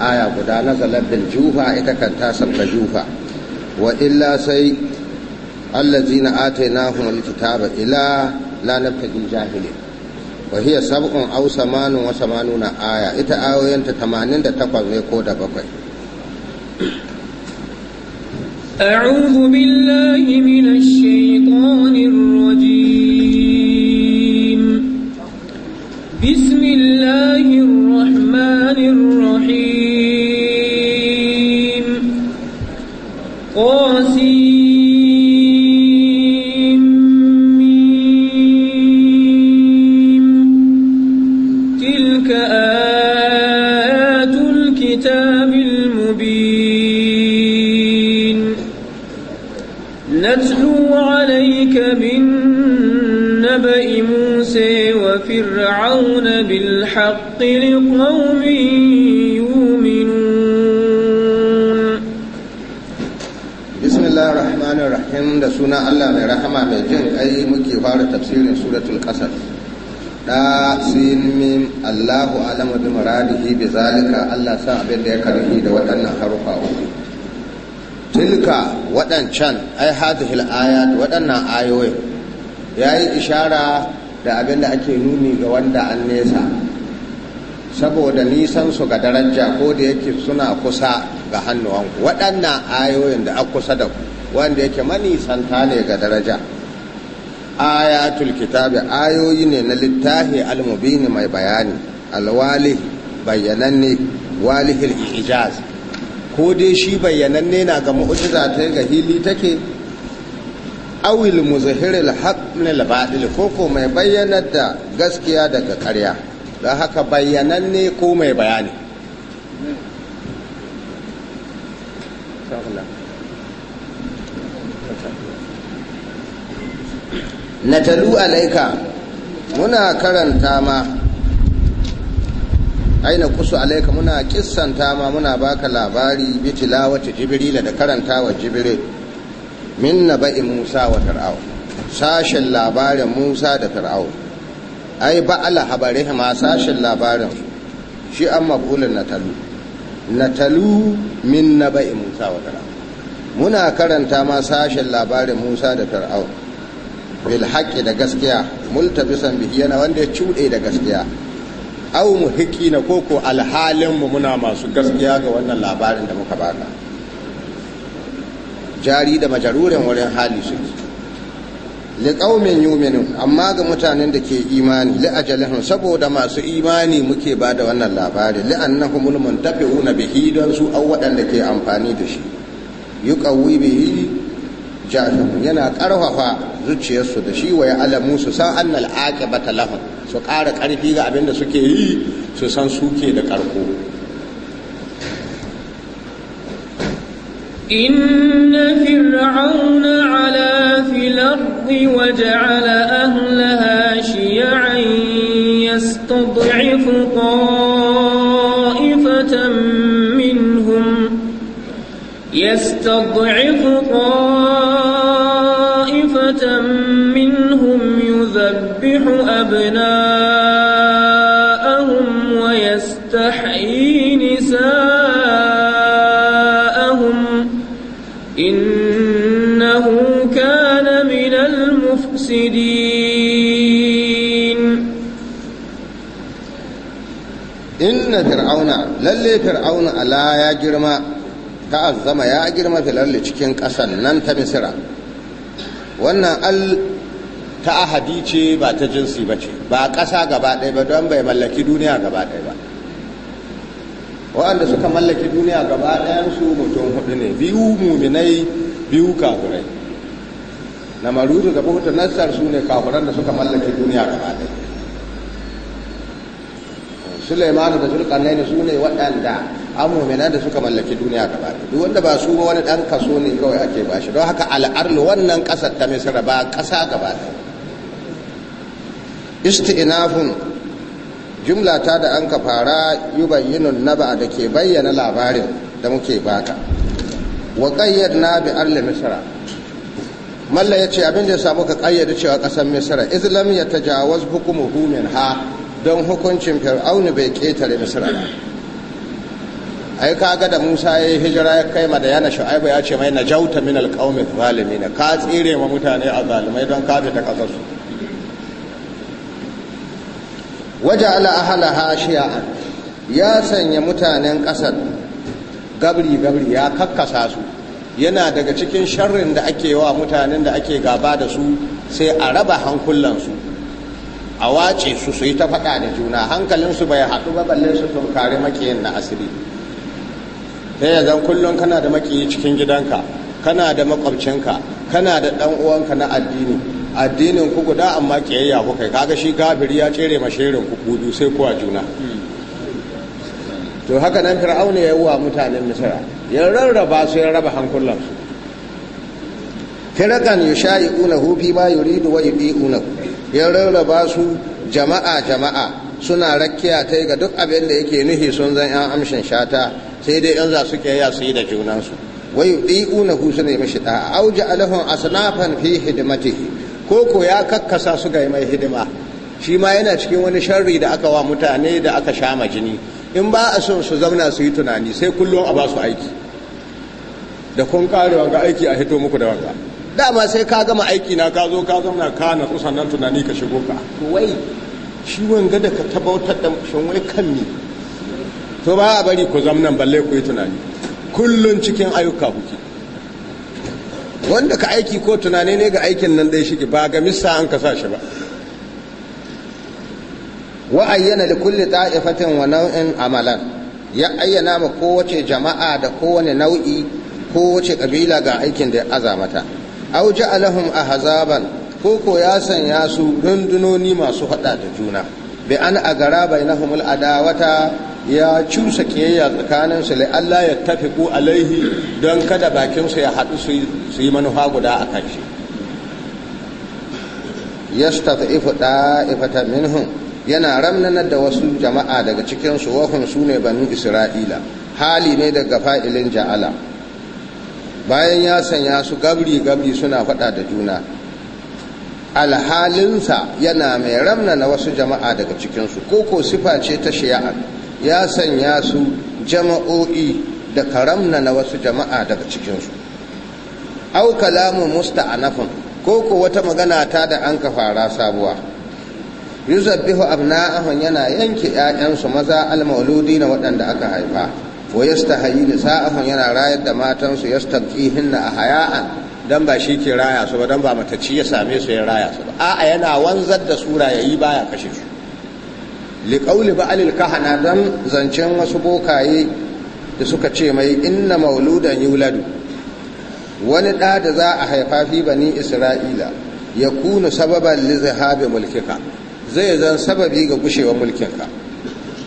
aya guda na bil jufa ita kan ta sabka jufa wa illa sai na atai allazina atainahum kitaba ila la nafidil jahili wa hiya sabon aw samanun wa na aya ita ayoyinta takwas ne ko da bakwai أعوذ بالله من الشيطان الرجيم muradihi bi zalika Allah sa abin da ya karhi da waɗannan harufa uku tilka waɗancan ai hadhihi al-ayat waɗannan ayoyi yayi ishara da abin da ake nuni ga wanda an nesa saboda nisan su ga daraja ko da yake suna kusa ga ku waɗannan ayoyin da aka kusa da ku wanda yake santa ne ga daraja ayatul kitabi ayoyi ne na littafi almubini mai bayani Alwali. bayyananne walihil ijaz ko dai shi bayyananne na ga mu'jiza ta ga hili take awil muzahiril haqq ne ko ko mai bayyanar da gaskiya daga ƙarya don haka bayyananne ko mai bayani natalu alaika muna karanta ma aina kusu alaika muna kissanta ma muna baka labari bi tilawati jibrila da karantawa jibril min naba'i musa wa fir'aun sashin labarin musa da fir'aun ai ba'ala habarihi ma sashin labarin shi an maqulun natalu natalu min naba'i musa wa fir'aun muna karanta ma sashin labarin musa da fir'aun bil haqqi da gaskiya multabisan bihi yana wanda ya cude da gaskiya au mu hiki na koko alhalin mu muna masu gaskiya ga wannan labarin da muka baka jari da majarurin wurin hali su liqaumin yu'minun amma ga mutanen da ke imani li saboda masu imani muke ba da wannan labari li annahumul muntafi'una bihi don su aw waɗanda ke amfani da shi yuqawwi bihi jahilun yana ƙarfafa zuciyarsu da shi wa alamu su san annal aqibata lahum su ƙara ƙarfi ga abinda suke yi su san suke da ƙarko إن فرعون علا في الأرض وجعل أهلها شيعا يستضعف طائفة منهم يستضعف طائفة fir'auna lalle fir'auna ala ya girma ta azzama ya girma filalle cikin ƙasan nan ta misira wannan al ta ahadi ce ba ta jinsi ba ce ba ƙasa gaba ɗaya ba don bai mallaki duniya gaba ɗaya ba waɗanda suka mallaki duniya gaba ɗayansu mutum hudu ne biyu muminai biyu kafirai na maruzu da buhutu nassar su ne kafiran da suka mallaki duniya gaba ɗaya suleiman da Zulkarnain su ne waɗanda amuminan da suka mallaki duniya gaba duk wanda ba su ba wani ɗan kaso ne kawai ake ba shi don haka al'arlu wannan ƙasar ta Misra ba ƙasa gaba isti'nafun jumla ta da an ka fara yubayyinun naba da ke bayyana labarin da muke baka wa na bi arli misra malla ce abin da ya samu ka ƙayyade cewa ƙasar misra islam ya tajawaz min ha. don hukuncin fir'aunu bai ƙetare misira ai kaga da musa ya yi hijira ya kai madayana shu'aibu ya ce mai na jauta min alƙaumi na, ka tsire ma mutane a zalimai don kafe ta ƙasarsu waje ala ahala hashiya ya sanya mutanen ƙasar gabri gabri ya kakkasa su yana daga cikin sharrin da ake wa mutanen da ake gaba da su sai a raba hankulansu a wace su su yi ta faɗa da juna hankalinsu bai haɗu ba balle su tunkari makiyin na asiri ta yi zan kullum kana da makiyi cikin gidanka kana da makwabcinka kana da ɗan uwanka na addini addinin ku guda amma kiyayya ku kai kaga shi gabiri ya cere mashirin shirin ku kudu sai kuwa juna to haka nan fir'auna ya yi wa mutanen misira ya rarraba su ya raba hankulansu firakan yushayi'unahu hufi ma yuridu wa yubi'unahu ya rarraba su jama'a jama'a suna rakkiya ta ga duk abin da yake nuhi sun zan yan amshin shata sai dai yan za su ke ya da junansu wai yudi'unahu suna ne mashi ta auji ja'alahum asnafan fi hidimati ko ko ya kakkasa su ga mai hidima shi ma yana cikin wani sharri da aka wa mutane da aka sha jini in ba a son su zauna su yi tunani sai kullum a ba su aiki da kun karewa ga aiki a hito muku da wanga dama sai ka gama aiki na ka zo ka zauna ka natsu sannan tunani ka shigo ka wai shi wanga da ka tabautar da shin wai kan ne to ba a bari ku zamnan balle ku yi tunani kullun cikin ayyuka kuke wanda ka aiki ko tunani ne ga aikin nan dai shige ba ga misa an ka sa shi ba wa ayyana li kulli ta'ifatin wa naw'in amalan ya ayyana ma kowace jama'a da kowane nau'i kowace kabila ga aikin da ya azamata aw ja'alahum ahzaban ko ko ya sanya su rundunoni masu hada da juna bi an agara bainahum adawata ya cusa kiyayya tsakanin su la Allah ya tafiku alaihi don kada bakin su ya haɗu su yi manufa guda akan shi yastatifu da'ifatan minhum yana ramnanar da wasu jama'a daga cikin su wahum sune banu isra'ila hali ne daga fa'ilin ja'ala bayan ya sanya su gabri-gabri suna faɗa da juna alhalinsa yana mai ramna na wasu jama'a daga cikinsu koko sifa ce ta shi'a ya sanya su jama'o'i da karamna na wasu jama'a daga cikinsu au kalamun ko koko wata magana ta da an ka fara sabuwa yuzabbihu abna'ahun yana yanke 'ya'yansu maza almauludi na waɗanda aka haifa hayi da sa'afan yana rayar da matansu a haya'an dan ba shi ke raya su ba dan ba matacci ya same su ya raya su ba a'a yana wanzar da sura yayi baya kashe su ba alil kahana dan zancen wasu bokaye da suka ce mai inna mauludan yuladu wani ɗa da za a haifa fi bani isra'ila ya kunu sababan li zahabi mulkika zai zan sababi ga gushewa mulkinka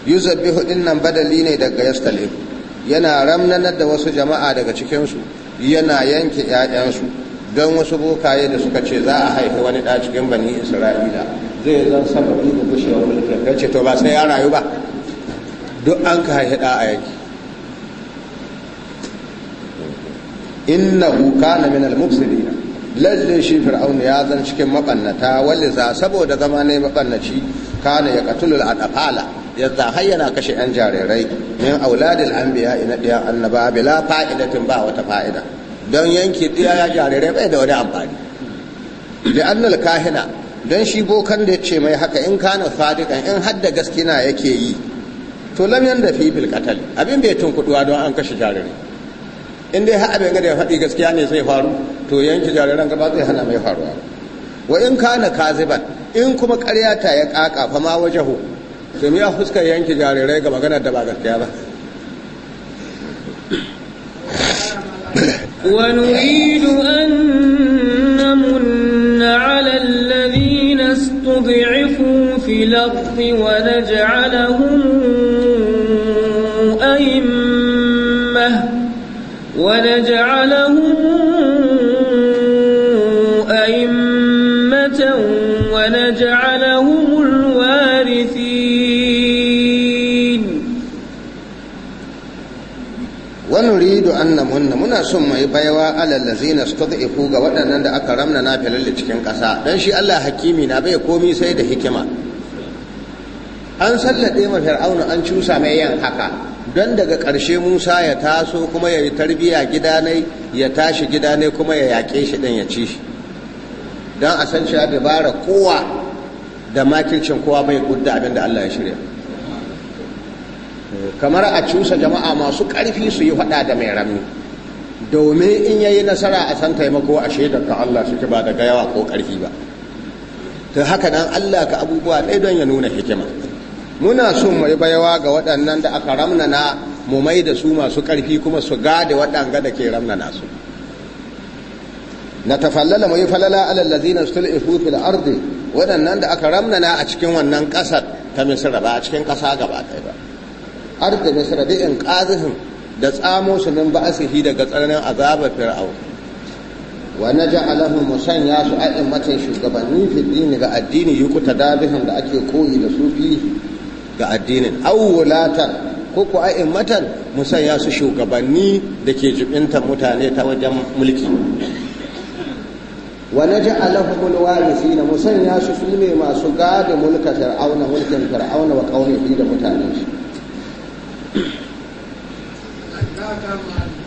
yuzabbihu dinnan badali ne daga yastalibu yana ramnanar da wasu jama'a daga cikinsu yana yanke 'ya'yansu don wasu bokaye da suka ce za a haifi wani ɗa cikin bani isra'ila zai zan sababi da gushewar mulkin kai ce to ba sai ya rayu ba duk an ka haifi ɗa a yanki innahu kana min al na. lallin shi fir'auna ya zan cikin maɓannata wallisa saboda zama ne maɓannaci kana ya a adafala yadda hayyana kashe yan jarirai min auladil anbiya ina diyan annaba bila fa'idatin ba wata fa'ida don yanki diya jarirai bai da wani amfani annal kahina don shi bokan da ya ce mai haka in kana sadiqan in hadda gaskina yake yi to lam yanda fi bil qatal abin bai tunkuduwa don an kashe jarirai in dai har abin da ya faɗi gaskiya ne zai faru to yanki jariran gaba zai hana mai faruwa wa in kana kaziban in kuma ƙarya ta ya kaka fa ma wajahu to me ya fuskar yanke jarirai ga maganar da ba gaskiya ba ونريد أن نمن على الذين استضعفوا في الأرض ونجعلهم أئمة ونجعلهم nuridu an muna son mai baiwa alallazi na iku ga waɗannan da aka ramna na filalle cikin ƙasa don shi allah hakimi na bai komi sai da hikima an sallade ma fir'auna an cusa mai yan haka don daga ƙarshe musa ya taso kuma ya yi tarbiya gidanai ya tashi gidanai kuma ya yaƙe shi ɗin ya ci shi don a san cewa dabara kowa da makircin kowa bai gudda abin da allah ya shirya kamar a cusa jama'a masu ƙarfi su yi faɗa da mai rami domin in ya yi nasara a san taimako a shaidar ka Allah suke ba daga yawa ko ƙarfi ba ta haka nan Allah ka abubuwa ɗaya don ya nuna hikima muna son mai bayawa ga waɗannan da aka ramnana mu mai da su masu ƙarfi kuma su gade waɗanga da ke ramnana su na tafallala mai falala alal ladzina istul'ifu fil ardi waɗannan da aka ramnana a cikin wannan ƙasar ta misira ba a cikin ƙasa gaba ɗaya ba arda misra bi in qazihim da tsamo su min ba'asihi daga tsananin azabar fir'au wa naj'alahu musanya su a'immatan shugabanni fi ga addini yukuta dabihim da ake koyi da su fihi ga addinin awwalatan ko ku a'immatan musanya su shugabanni da ke jibinta mutane ta wajen mulki wa naj'alahu alwarisina musanya su su ne masu gada mulka fir'auna mulkin fir'auna wa qaumihi da mutanen shi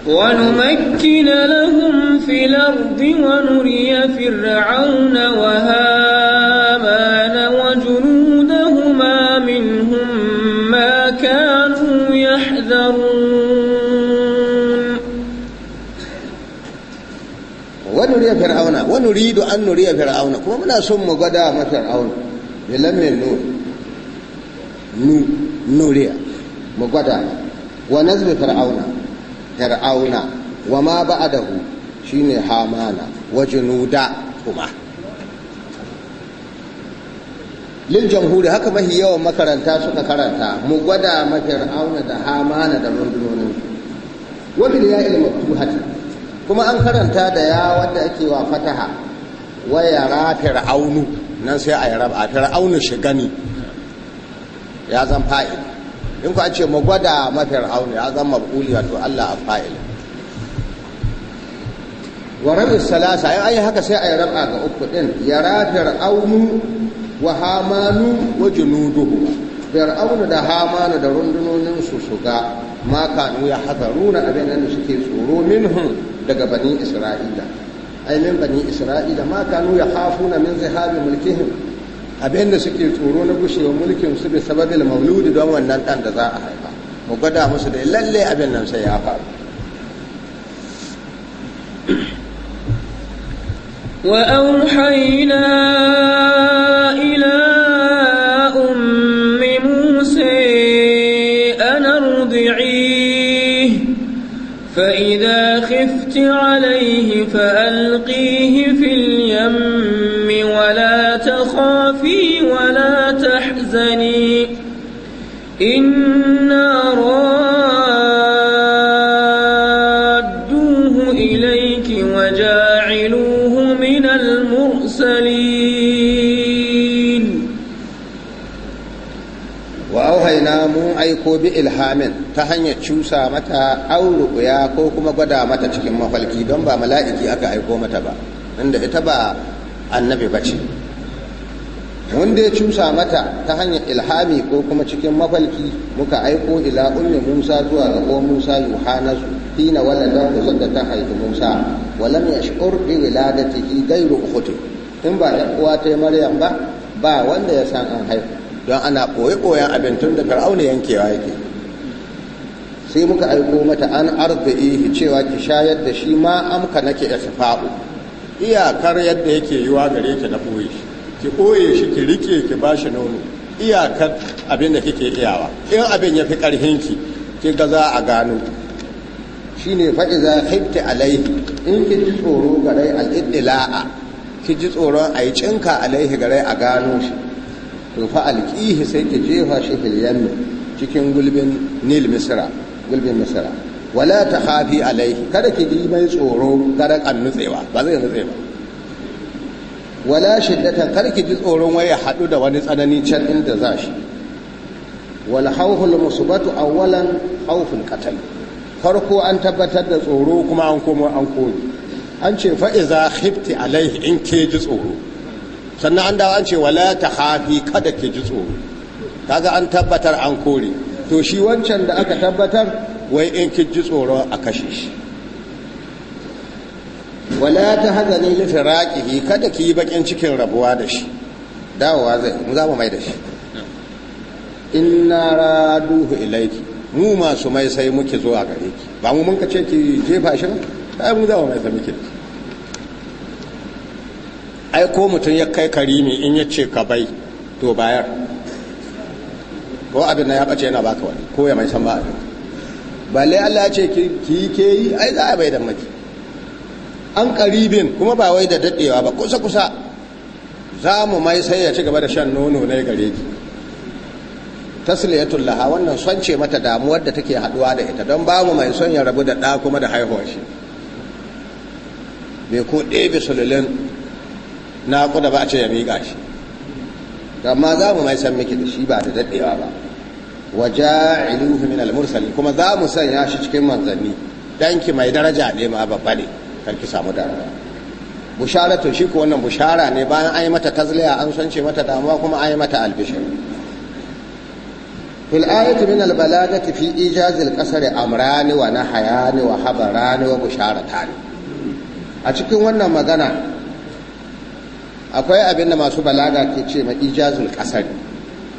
ونمكن لهم في الأرض ونري فرعون وهامان وجنودهما منهم ما كانوا يحذرون ونري فرعون ونريد أن نري فرعون كما منا سم قدام فرعون بلم نور نور نوريا mu gwada wa nazbi fir'auna fir'auna wa ma ba'adahu shine hamana wa junuda kuma lil jamhuri haka mahi yawan makaranta suka karanta mu gwada ma fir'auna da hamana da rundunonin wa bil ya'il maktuhat kuma an karanta da ya wanda ake wa fataha wa yara fir'aunu nan sai a yarab a fir'aunu shigani ya zan fa'ida in ku a ce mu gwada mafiyar auni ya zama mabuli wato Allah a fa'il wa rabi salasa in ayi haka sai ayi yi raba ga uku ɗin ya rafiyar aunu wa hamanu wa junuduhu biyar aunu da hamanu da rundunonin su suga ma kanu ya hazaruna abin da suke tsoro minhum daga bani isra'ila ai min bani isra'ila ma kanu ya hafuna min zihabi mulkihim abin da suke tsoro na gushewa mulkin su sababi da mauludi don wannan ɗan da za a haifa mu gwada musu da lalle abin nan sai ya faru ko bi ilhamin ta hanyar cusa mata auruya ko kuma gwada mata cikin mafalki don ba mala'iki aka aiko mata ba inda ita ba annabi ba ce wanda ya cusa mata ta hanyar ilhami ko kuma cikin mafalki muka aiko ila ummi musa zuwa ga ko musa yohanasu hina waladan kusan da ta haifi musa walam yash'ur bi wiladatihi ukhti in ba da uwa ta maryam ba ba wanda ya san an haifu don ana koyi ɓoyen abin tun da fir'auna yankewa yake sai muka aiko mata an ihi cewa ki shayar da shi ma amka nake ya fa'u iyakar yadda yake yiwa gare ki na ɓoye shi ki ɓoye shi ki rike ki ba shi nono iyakar abin da kike iyawa in abin ya fi ƙarhinki ki ga za a gano shi ne a haifta alaihi in ki ji tsoro gare la'a ki ji tsoron a yi cinka alaihi gare a gano shi to fa alƙihi sai ki jefa shi filiyan cikin gulbin nil misra gulbin misra wala takhafi alaihi kada ki ji mai tsoro kada kan nutsewa ba zai nutse ba wala shiddatan kar ki ji tsoron waya hadu da wani tsanani can inda za shi wal khawful musibatu awwalan khawful qatl farko an tabbatar da tsoro kuma an komo an koyi an ce fa iza khifti alaihi in ke ji tsoro sannan an dawo an ce wala ta hafi kada ki ji tsoro kaga an tabbatar an kore to shi wancan da aka tabbatar wai in ki ji tsoro a kashe shi wala ta hazani li firaqihi kada ki yi bakin cikin rabuwa da shi dawowa zai mu za mu mai da shi inna raduhu ilayki mu masu mai sai muke zo a gare ki ba mu mun ka ce ki jefa shi ba ai mu za mu mai sai muke da shi ai ko mutum ya kai karimi in ya ce ka bai to bayar ko abin na ya bace yana baka wani ko ya mai san ba abin balle Allah ce ki yi ke yi ai za a bai da maki an karibin kuma ba wai da dadewa ba kusa kusa za mu mai sai ya ci gaba da shan nono ne gare ki tasliyatul laha wannan son ce mata damuwar da take haduwa da ita don ba mu mai son ya rabu da ɗa kuma da haihuwa shi me ko ɗebe sululin na kuda ba a ce ya miƙa shi amma za mu mai san miki da shi ba da daɗewa ba wa ja'iluhu min al-mursali kuma za mu sanya shi cikin manzanni danki mai daraja ne ma babba ne karki samu Bushara to shi ko wannan bushara ne bayan an yi mata tazliya an san ce mata damuwa kuma an yi mata albishir fil ayati min al balagati fi ijaz al qasr amrani wa nahayani wa habarani wa bushara busharatani a cikin wannan magana akwai abin da masu balaga ke ce ma ijazul kasar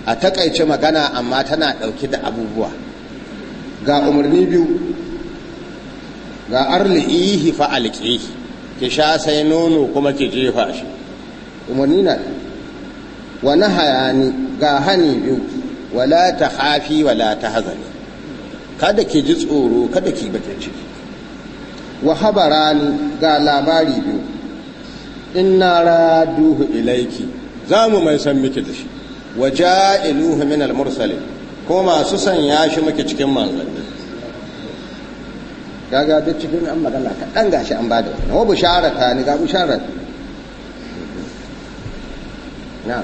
a takaice magana amma tana ɗauke da abubuwa ga umarni biyu ga arli'ihi fa alƙihi ki sha sai nono kuma ki jefa shi umarni na wa nahayani ga hani biyu wala ta hafi wala ta hazani kada ki ji tsoro kada ki bata ciki wa habarani ga labari biyu inna raduhu ilaiki za mu mai san miki da shi wa iluhu min al-mursalin ko masu sanya shi muke cikin manzanni kaga duk cikin an magana kaɗan gashi an bada wannan wa bisharata ni ga bisharata na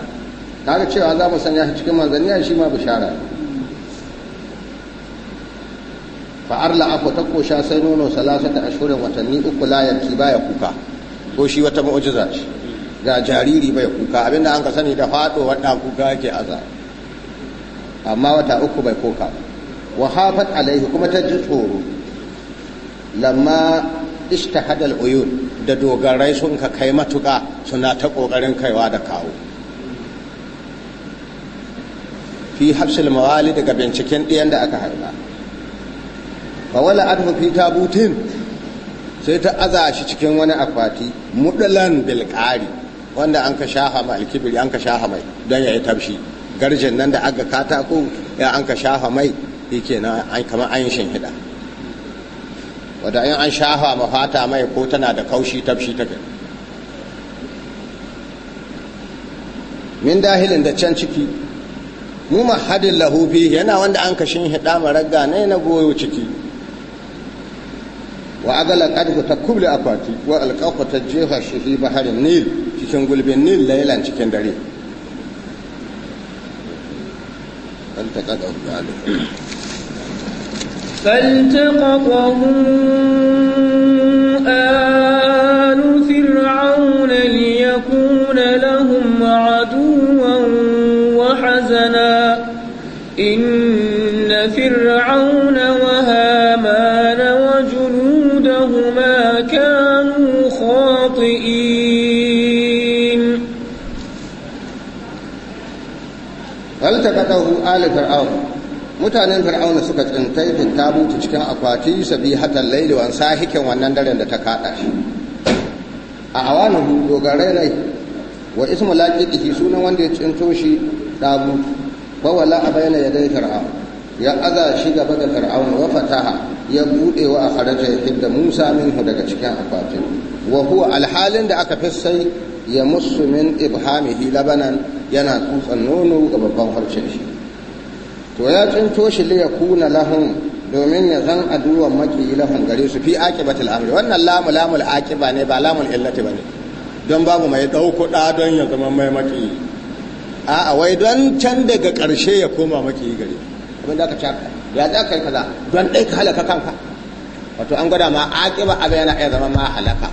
kaga cewa za mu sanya shi cikin manzanni shi ma bishara fa'ar la'afu ta kosha sai nono ta ashirin watanni uku layar ki baya kuka ko shi wata mu'jiza ce ga jariri bai kuka abinda an ka sani da fado wadda kuka yake aza amma wata uku bai kuka. wa hafat alaihi kuma ta ji tsoro lamma ishtahada uyun da dogarai sun ka kai matuka suna ta kokarin kaiwa da kawo fi hafsul mawali daga binciken ɗiyan da aka harba fa wala adhu fi tabutin sai ta aza shi cikin wani akwati mudalan bilkari wanda an ka shafa mai alkibiri an ka shafa mai don ya yi tafshi garjin nan da aga katako ya an ka shafa mai yake na kamar an yi shinhida wadda in an shafa mafata mai ko tana da kaushi tafshi ta min dahilin da can ciki mu mahadin lahufi yana wanda an kashin hida maragga ne na goyo ciki wa agala kadku ta kubli akwati wa alqafa ta jefa shi baharin nil cikin gulbin nil laylan cikin dare فالتقطه ذلك فالتقطه ali fir'aun mutanen fir'auna suka tsintai tabutu cikin akwati sabi hatan laili wan sahikin wannan daren da ta kada shi a awanu dogarai ne wa ismu laqiqihi sunan wanda ya tsinto shi dabu fa wala abaina yadai fir'aun ya aza shi gaba da fir'aun wa fataha ya bude wa a hidda yadda Musa minhu daga cikin akwatin wa huwa alhalin da aka fissai ya musu min ibhamihi labanan yana tsutsan nono ga babban harshen shi to ya tsinto shi li yakuna lahum domin ya zan aduwan maki lahum gare su fi aqibatil amri wannan lamu lamul aqiba ne ba lamul illati bane don babu mai dauko da don ya zama mai maki a'a wai don can daga karshe ya koma maki gare abin da aka caka ya za ka yi kaza don ɗai ka halaka kanka wato an gwada ma aqiba abin yana iya zama ma halaka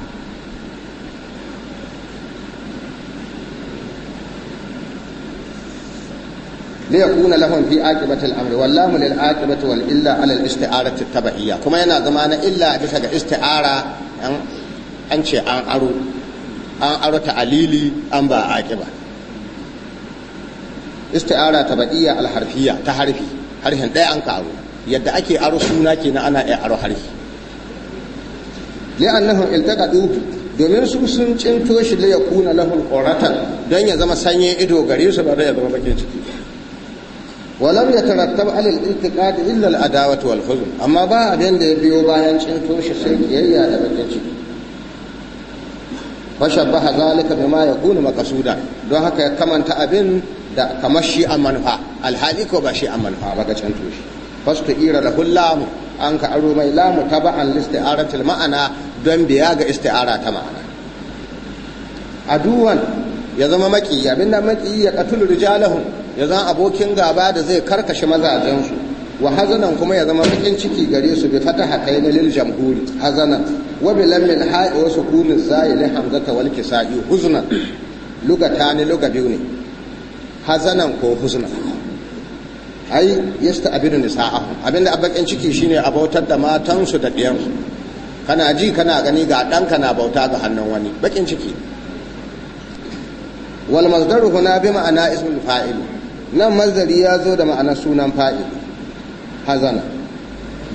ليكون لهم في fi الأمر al-amr wallahu lil aqibati wal illa ala al-isti'arati tabaiya kuma yana zama na illa bisa ga تعليلي an ce an aro an aro ta'alili an ba aqiba isti'ara tabaiya al-harfiyya ta harfi harhin ɗaya an yadda ake aro na ana aro harfi domin su sun cinto shi da ya kuna lahul ƙoratan don ya zama sanye ido gare su ba da ya zama bakin ciki walam ya tarattab alal iltiqad illa al adawatu wal huzn amma ba abin da ya biyo bayan cinto shi sai kiyayya da bakin ciki fashabbaha zalika bima yakunu maqsuda don haka ya kamanta abin da kamar shi a manfa alhali ko ba shi a manfa ba ga cinto shi fastu ira da an ka aro mai lamu taba'an listi'aratil ma'ana don biya ga isti'ara ta ma'ana aduwan ya zama maki abinda maki ya qatul rijalahum ya zan abokin gaba da zai karkashe mazajensu wa hazanan kuma ya zama bakin ciki gare su bi fata haka na lil jamhuri hazanan wa bi lammin ha'i wa zai zayili hamzata wal kisa'i huzunan lugata ne luga biyu ne hazanan ko huzunan ai yasta abinu sa'ahu abinda a bakin ciki shine a bautar da matansu da ɗiyansu kana ji kana gani ga ɗanka na bauta ga hannun wani bakin ciki wal masdaru huna bi ma'ana ismul fa'il nan mazari ya zo da ma'anar sunan fa'il hazana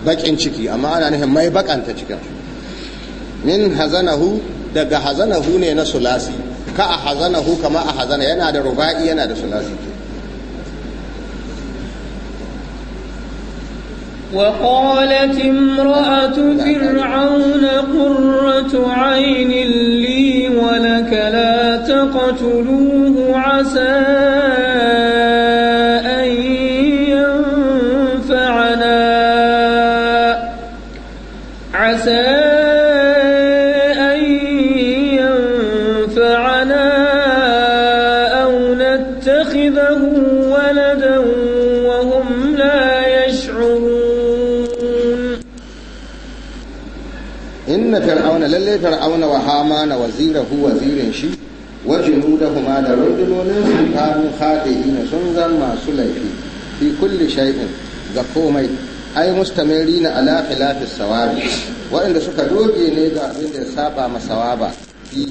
bakin ciki amma ana nufin mai bakanta cikin min hazanahu daga hazanahu ne na sulasi ka a hazanahu kama a hazana yana da ruba'i yana da sulasi ke وقالت امرأة فرعون قرة عين لي ولك لا تقتلوه عسى sai fir'auna wa hamana wazirahu wazirin shi wa junudahuma da rundunonin su kanu ina sun zan masu laifi fi kulli shay'in ga komai ai mustamirina ala khilafi sawabi waɗanda suka doge ne ga abin da ya saba ma sawaba fi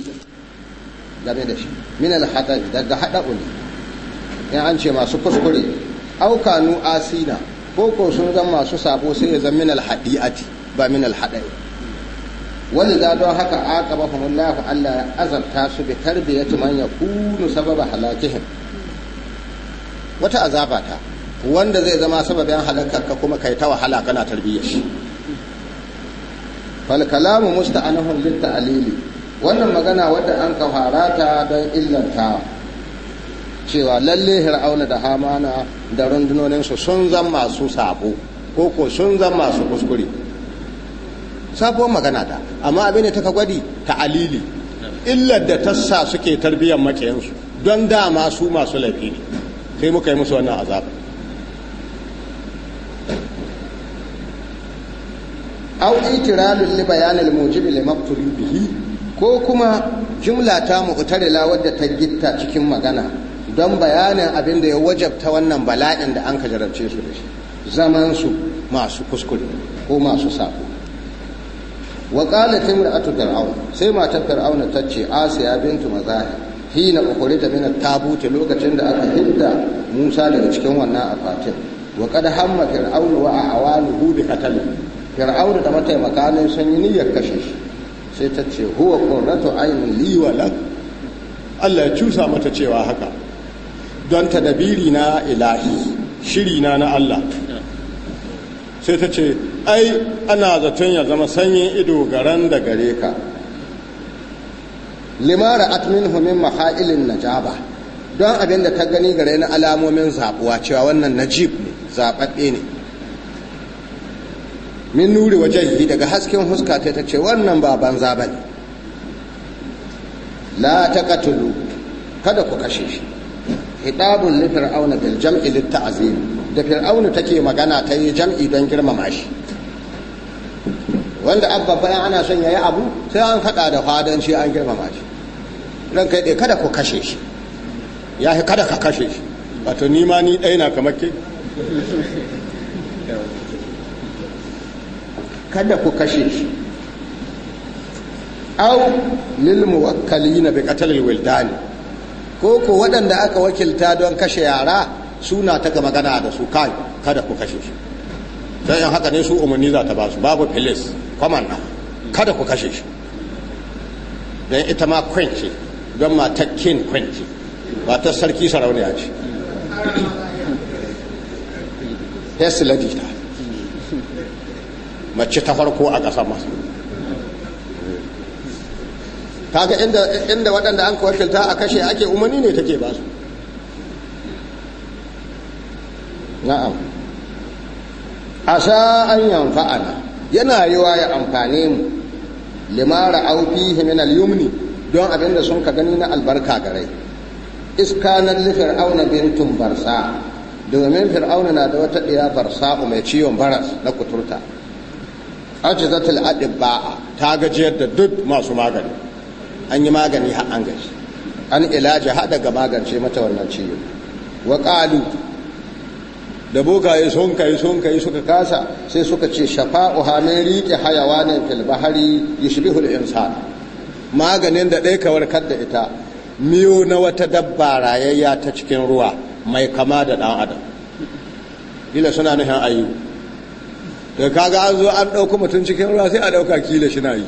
game da shi min al daga hada'u ne in an ce masu kuskure aukanu asina ko ko sun zan masu sabo sai ya zan min al ba min al wani don haka aqaba humullahu Allah ya azabta su bi tarbiyati ya kunu sababa halakihin. wata azabata, wanda zai zama sababin ka kuma kai ta wahala kana tarbiyyar shi fal kalamu musta'anahum lit alili wannan magana wadda an kafara ta don illanta cewa lalle hir'auna da hamana da rundunoninsu sun zama masu sabo ko ko sun zama masu kuskure sabuwar magana ta amma abin da taka gwadi ta alili illar da tassa suke tarbiyyar makiyansu don dama su masu laifi ne sai muka yi musu wannan azaba aw itiralun li bayanil mujibi li maqtulin bihi ko kuma jumla ta mu'tarila wadda ta gitta cikin magana don bayanin abin da ya wajabta wannan bala'in da an ka jarabce su da shi zaman masu kuskure ko masu sako wa qalat imra'atu fir'aun sai matar fir'auna ta ce asiya bintu mazahi hina ukhrija min ta tabut lokacin da aka hidda Musa daga cikin wannan akwatin wa qad hamma fir'aun wa awaluhu bi qatl fir'aun da mataimaka ne sun yi niyyar kashe shi sai ta ce huwa qurratu aynin li wa lak Allah ya cusa mata cewa haka don ta dabiri na ilahi shiri na na Allah sai ta ce ai ana zaton ya zama sanyin ido garan da gare ka limara atmin min mahailin najaba don abin da ta gani gare na alamomin zabuwa cewa wannan najib ne zababbe ne min nuri wajen yi daga hasken huska ta ta ce wannan ba banza ba ne la ta katulu kada ku kashe shi hidabun li fir'auna bil jam'i lit ta'zim da fir'auna take magana ta yi jam'i don girmama shi wanda babba yan ana son ya yi abu sai an faɗa da fadanci an girmama shi ran kai ɗaya kada ku kashe shi ya fi kada ka kashe shi wato ni ma ni ɗaya na kamar ke kada ku kashe shi au lil muwakkalin bi qatl al wildani ko ko waɗanda aka wakilta don kashe yara suna ta ga magana da su kai kada ku kashe shi don in haka ne su umarni za ta ba su babu filis kwamanna kada ku kashe shi don ita ma kwanci don matar kin kwanci ta sarki sarauniya ce hesi ladita mace ta farko a ƙasar masu kaga inda waɗanda an wakilta a kashe ake umarni ne take ba su na'am asa an yanfa'ana yana yiwa ya amfani mu limara au fihi min al-yumni don abinda sun ka gani na albarka gare iskanan li fir'auna bintun barsa domin fir'auna na da wata ɗiya barsa mai ciwon baras na kuturta ajizatul adibba ta gajiyar da duk masu magani an yi magani har an gaji an ilaji haɗa ga magance mata wannan ciwo wa da bokaye sun kai sun kai suka kasa sai suka ce shafa'u hamin riƙe hayawanin fil bahari yushbihul insan maganin da ɗaya kawar da ita miyo na wata dabba rayayya ta cikin ruwa mai kama da ɗan adam ila suna nufin ayu da kaga an zo an ɗauko mutum cikin ruwa sai a ɗauka kila shi na yi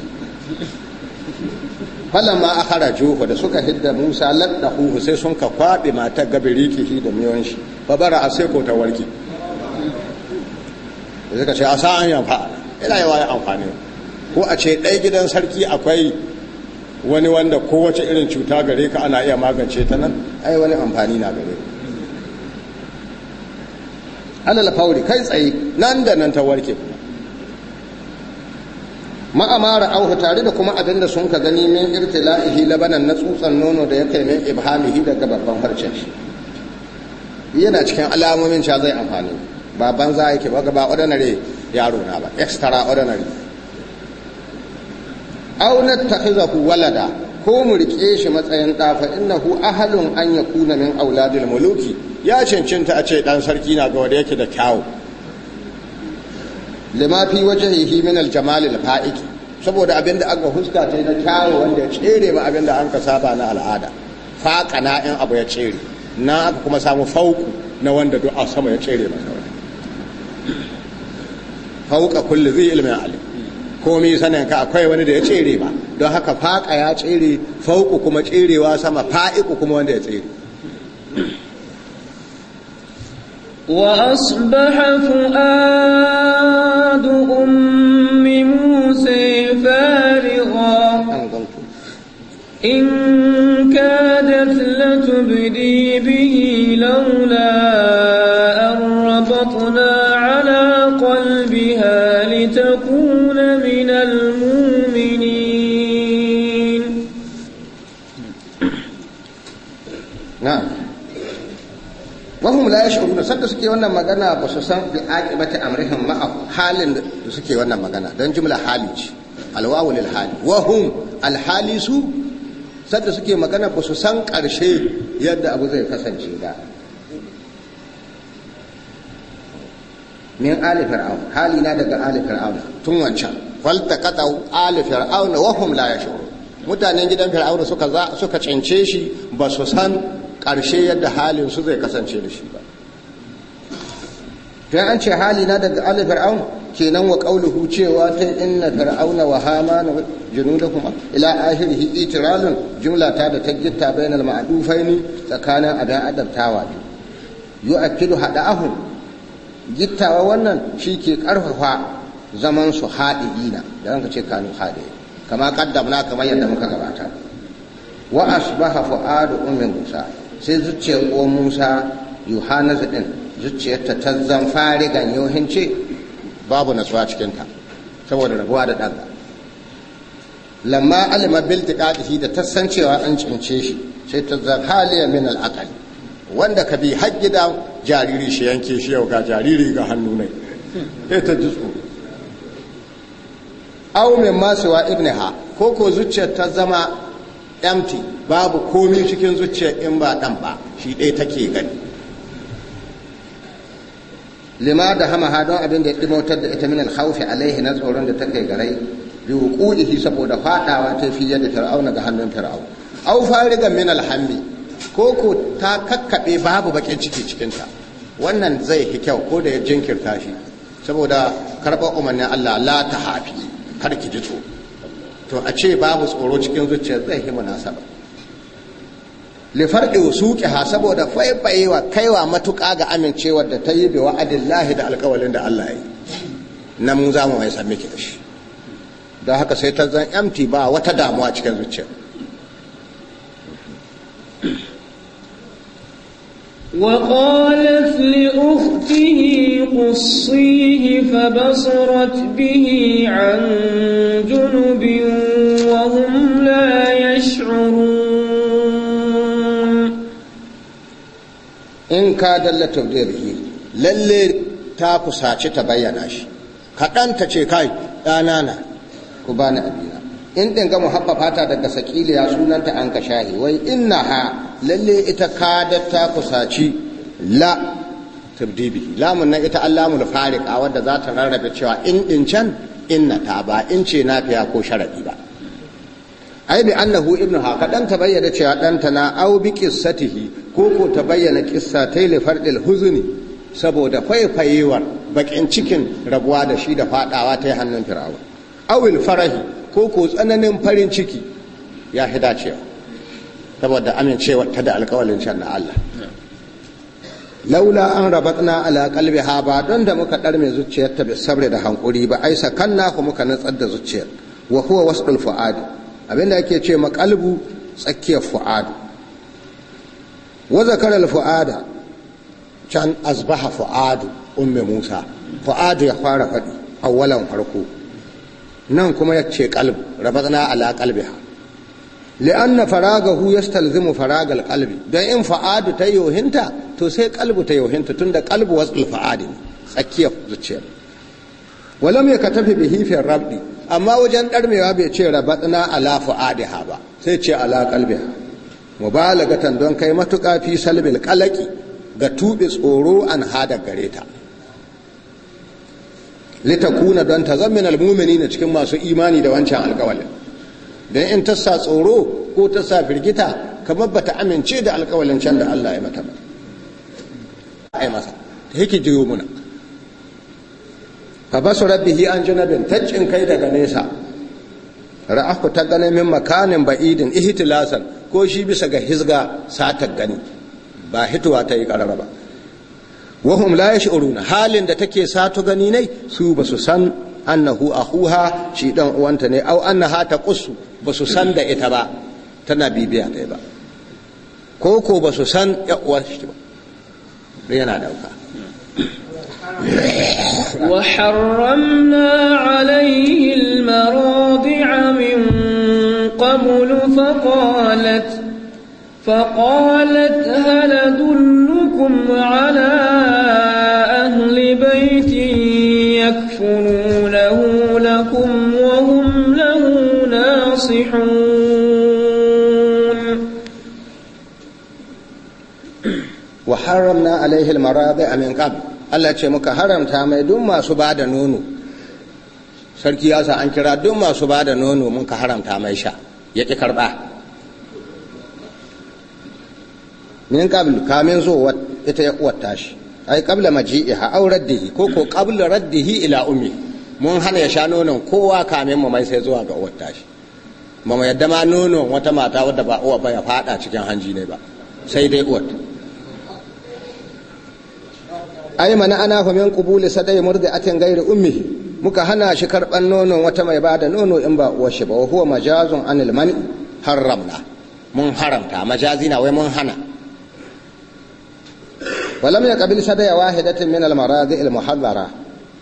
falama a juhu da suka hidda musa huhu sai sun ka kwaɓe mata gabirikihi da miyon shi babara a sai ko ta warke da suka ce a sa'an yamfa ina yawa ya amfani ko a ce ɗai gidan sarki akwai wani wanda kowace irin cuta gare ka ana iya magance ta nan ai wani amfani na gare alal fauri kai tsaye nan da nan ta warke kuma ma'amara auhu tare da kuma abin da sun ka gani min irtila'ihi labanan na tsutsan nono da ya kai min ibhamihi daga babban harshen shi yana cikin alamomin cewa zai amfani ba banza yake ba ba ordinary yaro na ba extra ordinary aw nattakhizahu walada ko mu rike shi matsayin da fa innahu ahalun an yakuna min auladil muluki ya cancanta a ce ɗan sarki na ga wanda yake da kyawu lima fi wajhihi min Jamalil alfa'iq saboda abinda aka huska ta na kyawu wanda ya cere ma abinda an ka saba na al'ada na in abu ya cere na aka kuma samu fauku na wanda duk sama ya tsere masa fauka kulli zai ilmin alim komi sanin ka akwai wani da ya tsere ba don haka faƙa ya tsere fauku kuma tserewa sama fa'iku kuma wanda ya tsere wa فؤاد أم wahum la yash'uruna sanda suke wannan magana ba su san bi aqibati amrihim ma halin da suke wannan magana dan jumla hali ce alwawu lil hali wahum al halisu sanda suke magana ba su san karshe yadda abu zai kasance ba min ali fir'aun hali na daga ali fir'aun tun wancan faltaqata ali fir'aun hum la yash'urun mutanen gidan fir'aun suka suka cince shi ba su san Karshe yadda halin su zai kasance da shi ba dan an ce halina daga ali fir'aun kenan wa qauluhu cewa ta inna fir'auna wa hamana junudahuma ila ahirihi itiralun jumla ta da ta bainal ma'dufaini tsakanin adan adabtawa yu'akkidu hada'ahum gittawa wannan shi ke karfafa zaman su haɗi'ina da ranka ce kanu haɗe kama kaddamna kamar yadda muka gabata wa asbaha fu'adu ummi musa sai zuciyar ko musa yohanasu din zuciyarta ta zan farigan ce, babu nasuwa cikinta saboda rabuwa da ɗan lamma alima bilti tiqatihi da ta san cewa an cince shi sai ta zan haliya min al wanda ka bi har gida jariri shi yanke shi yau ga jariri ga hannu ne sai ta ji tsoro min masuwa ha ko ko zuciyar ta zama empty babu komi cikin zuciyar in ba dan ba shi ɗaya take gani lima da hama don abin da ya ɗimautar da ita min alhaufi alaihi na tsoron da ta kai garai bi wuqudihi saboda faɗawa ta fi yadda fir'auna ga hannun fir'au au fariga min alhammi ko ko ta kakkabe babu baƙin ciki cikinta. wannan zai fi kyau ko da ya jinkirta shi saboda karɓar umarnin Allah la ta hafi kar ki ji to a ce babu tsoro cikin zuciya zai yi munasaba lifarɗi ha saboda wa kaiwa matuƙa ga amincewar da ta yi bi wa'adillahi da alƙawalin da Allah ya yi na mun za mu mai sami ki da shi don haka sai ta zan yamti ba wata damuwa cikin zuciya وقالت لأخته قصيه فبصرت به عن جنب in ka dalla tawdirihi lalle ta kusaci ta bayyana shi kaɗan ta ce kai ɗana na ku bani abina in ɗin ga haɓa fata daga sakiliya sunanta an ka shahi wai inna ha lalle ita kadar ta kusaci la tabdibi lamun nan ita allamul fariqa wadda za ta rarrabe cewa in ɗin can inna ta ba in ce na fiya ko sharaɗi ba ai bi annahu ibnu ha kaɗan ta bayyana cewa dan ta na au bi qissatihi ko ko ta bayyana kissa ta lifardil huzuni saboda faifayewar bakin cikin rabuwa da shi da faɗawa ta yi hannun firawa awil farahi ko tsananin farin ciki ya fi dacewa saboda amincewa ta da alkawalin can na Allah laula an rabatna ala qalbi ha ba don da muka darme zuciyar ta sabre da hankuri ba ai kan ku muka nutsar da zuciyar wa huwa wasdul fuad abinda ake ce makalbu tsakiyar fu'adu Wazakarar fuada can asbaha fu'adu ummi musa fu'adu ya fara faɗi awwalan farko nan kuma ya ce qalb rabatna ala qalbiha li'anna faragahu yastalzimu faraga al-qalbi dan in fu'adu ta yohinta to sai qalbu ta yohinta tunda qalbu wasl fu'adi tsakiyar zuciya walam ya katafi bihi fi rabdi amma wajen ɗarmewa bai ce rabatna ala fu'adiha ba sai ce ala qalbiha mubalagatan don kai matuƙa fi salbil ƙalaƙi ga tuɓe tsoro an hada gare ta kuna don ta zammin almumini na cikin masu imani da wancan alkawalin don in ta sa tsoro ko ta sa firgita kamar bata amince da alkawalin can da Allah ya mata ba yi masa ta yake jiyo muna fa basu hi an janabin ta kai daga nesa ra'ahu ta ganin min makanin ba'idin ihitilasan. ko shi bisa ga hizga satar gani ba hituwa ta yi karara ba wahum la yash'uruna halin da take sato gani ne su ba su san annahu ahuha shi dan uwanta ne au annaha taqussu ba su san da ita ba tana bibiya ta ba ko ko ba su san ya uwar shi ba yana dauka وحرمنا عليه المراضع من تقول فقالت فقالت هل دلكم على أهل بيت يكفلونه لكم وهم له ناصحون وحرمنا عليه المراضع من قبل Allah ce muka haramta mai duk masu ba da nono sarki ya sa an kira duk masu ba da nono muka haramta mai sha ya ƙi karɓa min qabl kamin zo ita ya uwar tashi ai qabla maji'iha au raddihi ko ko qabla raddihi ila ummi mun hana ya sha nonon kowa kamin mu mai sai zuwa ga uwar tashi ba mu yadda ma nonon wata mata wadda ba uwa ba ya fada cikin hanji ne ba sai dai uwar ai mana ana fa min qubuli sadai murdi murdi'atin ghairi ummihi muka hana shi karɓar nonon wata mai bada nono in ba uwar shi ba wa huwa majazun anil mani haramna mun haramta na wai mun hana walam ya qabil sadaya wahidatin min al maradi al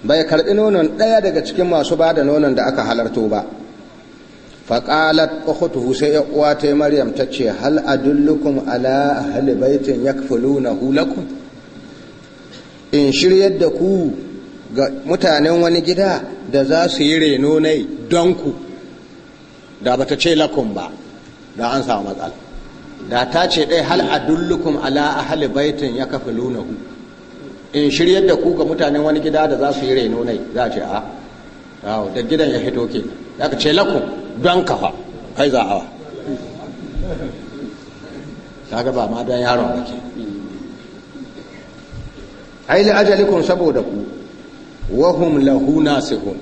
bai karɓi nonon ɗaya daga cikin masu bada nonon da aka halarto ba فقالت ta سيئوات مريم تتشي ala أدلكم على أهل na يكفلونه In shirya da ku. ga mutanen wani gida da za su yi reno nai don ku da bata ce lakum ba da an samu matsala da ta ce ɗai hal adullukum ala a halibaitin ya kafa lunahu in shiryar da ku ga mutanen wani gida da za su yi reno nai za a ce a ah, da gidan ya hito ke da ka ce lakum don kafa kai za wa. ta gaba ma don yaron ake ai li ajalikum saboda ku wahum lahu nasihun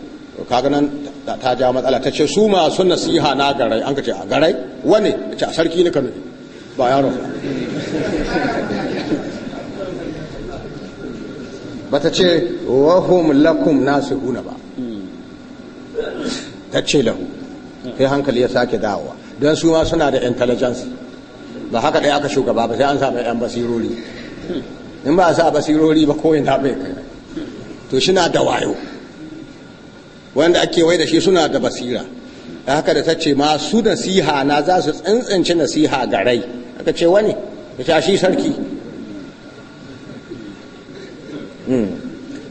kaga nan ta ja matsala ta ce su masu nasiha na garai an ka ce a garai wane ce a sarki ne kanu ba yaro ba ta ce wahum lakum nasihuna ba ta ce lahu Kai hankali ya sake dawowa don su ma suna da intelligence ba haka ɗaya aka shugaba ba sai an sa mai yan basirori in ba a sa basirori ba koyin ta bai kai to shi na da wayo wanda ake wai da shi suna da basira da haka da ta ce masu nasiha na za su tsantsance nasiha ga rai aka ce wani ya ta shi sarki hmm.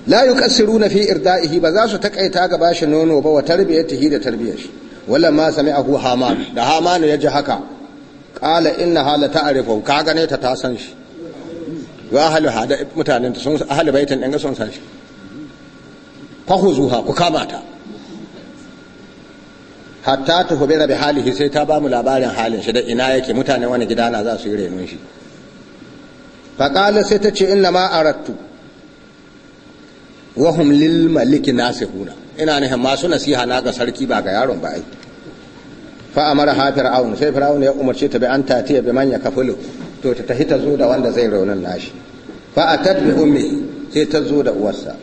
la yi na fi ihi ba za su takaita ga bashi nono ba wa tarbiyatihi da tarbiyar shi wala ma ahu haman da hamanu ya ji haka kala inna hala ta'rifu ka gane ta ta san shi ga ahlu hada mutanen ta sun ahlu baitin din ga sun san shi fahuzuha ku kama ta hatta ta hubira halihi sai ta ba mu labarin halin shi da ina yake mutane wani gida na za su yi renon shi faƙala sai ta ce ina ma rattu. wahum lil maliki nasihuna ina nihin masu nasiha na ga sarki ba ga yaron ba ai fa'amara hafiyar ha fir'aun sai fir'aun ya umarce ta bi an ta tiya bi manya kafulu to ta tahi ta zo da wanda zai raunin nashi fa bi ummi sai ta zo da uwarsa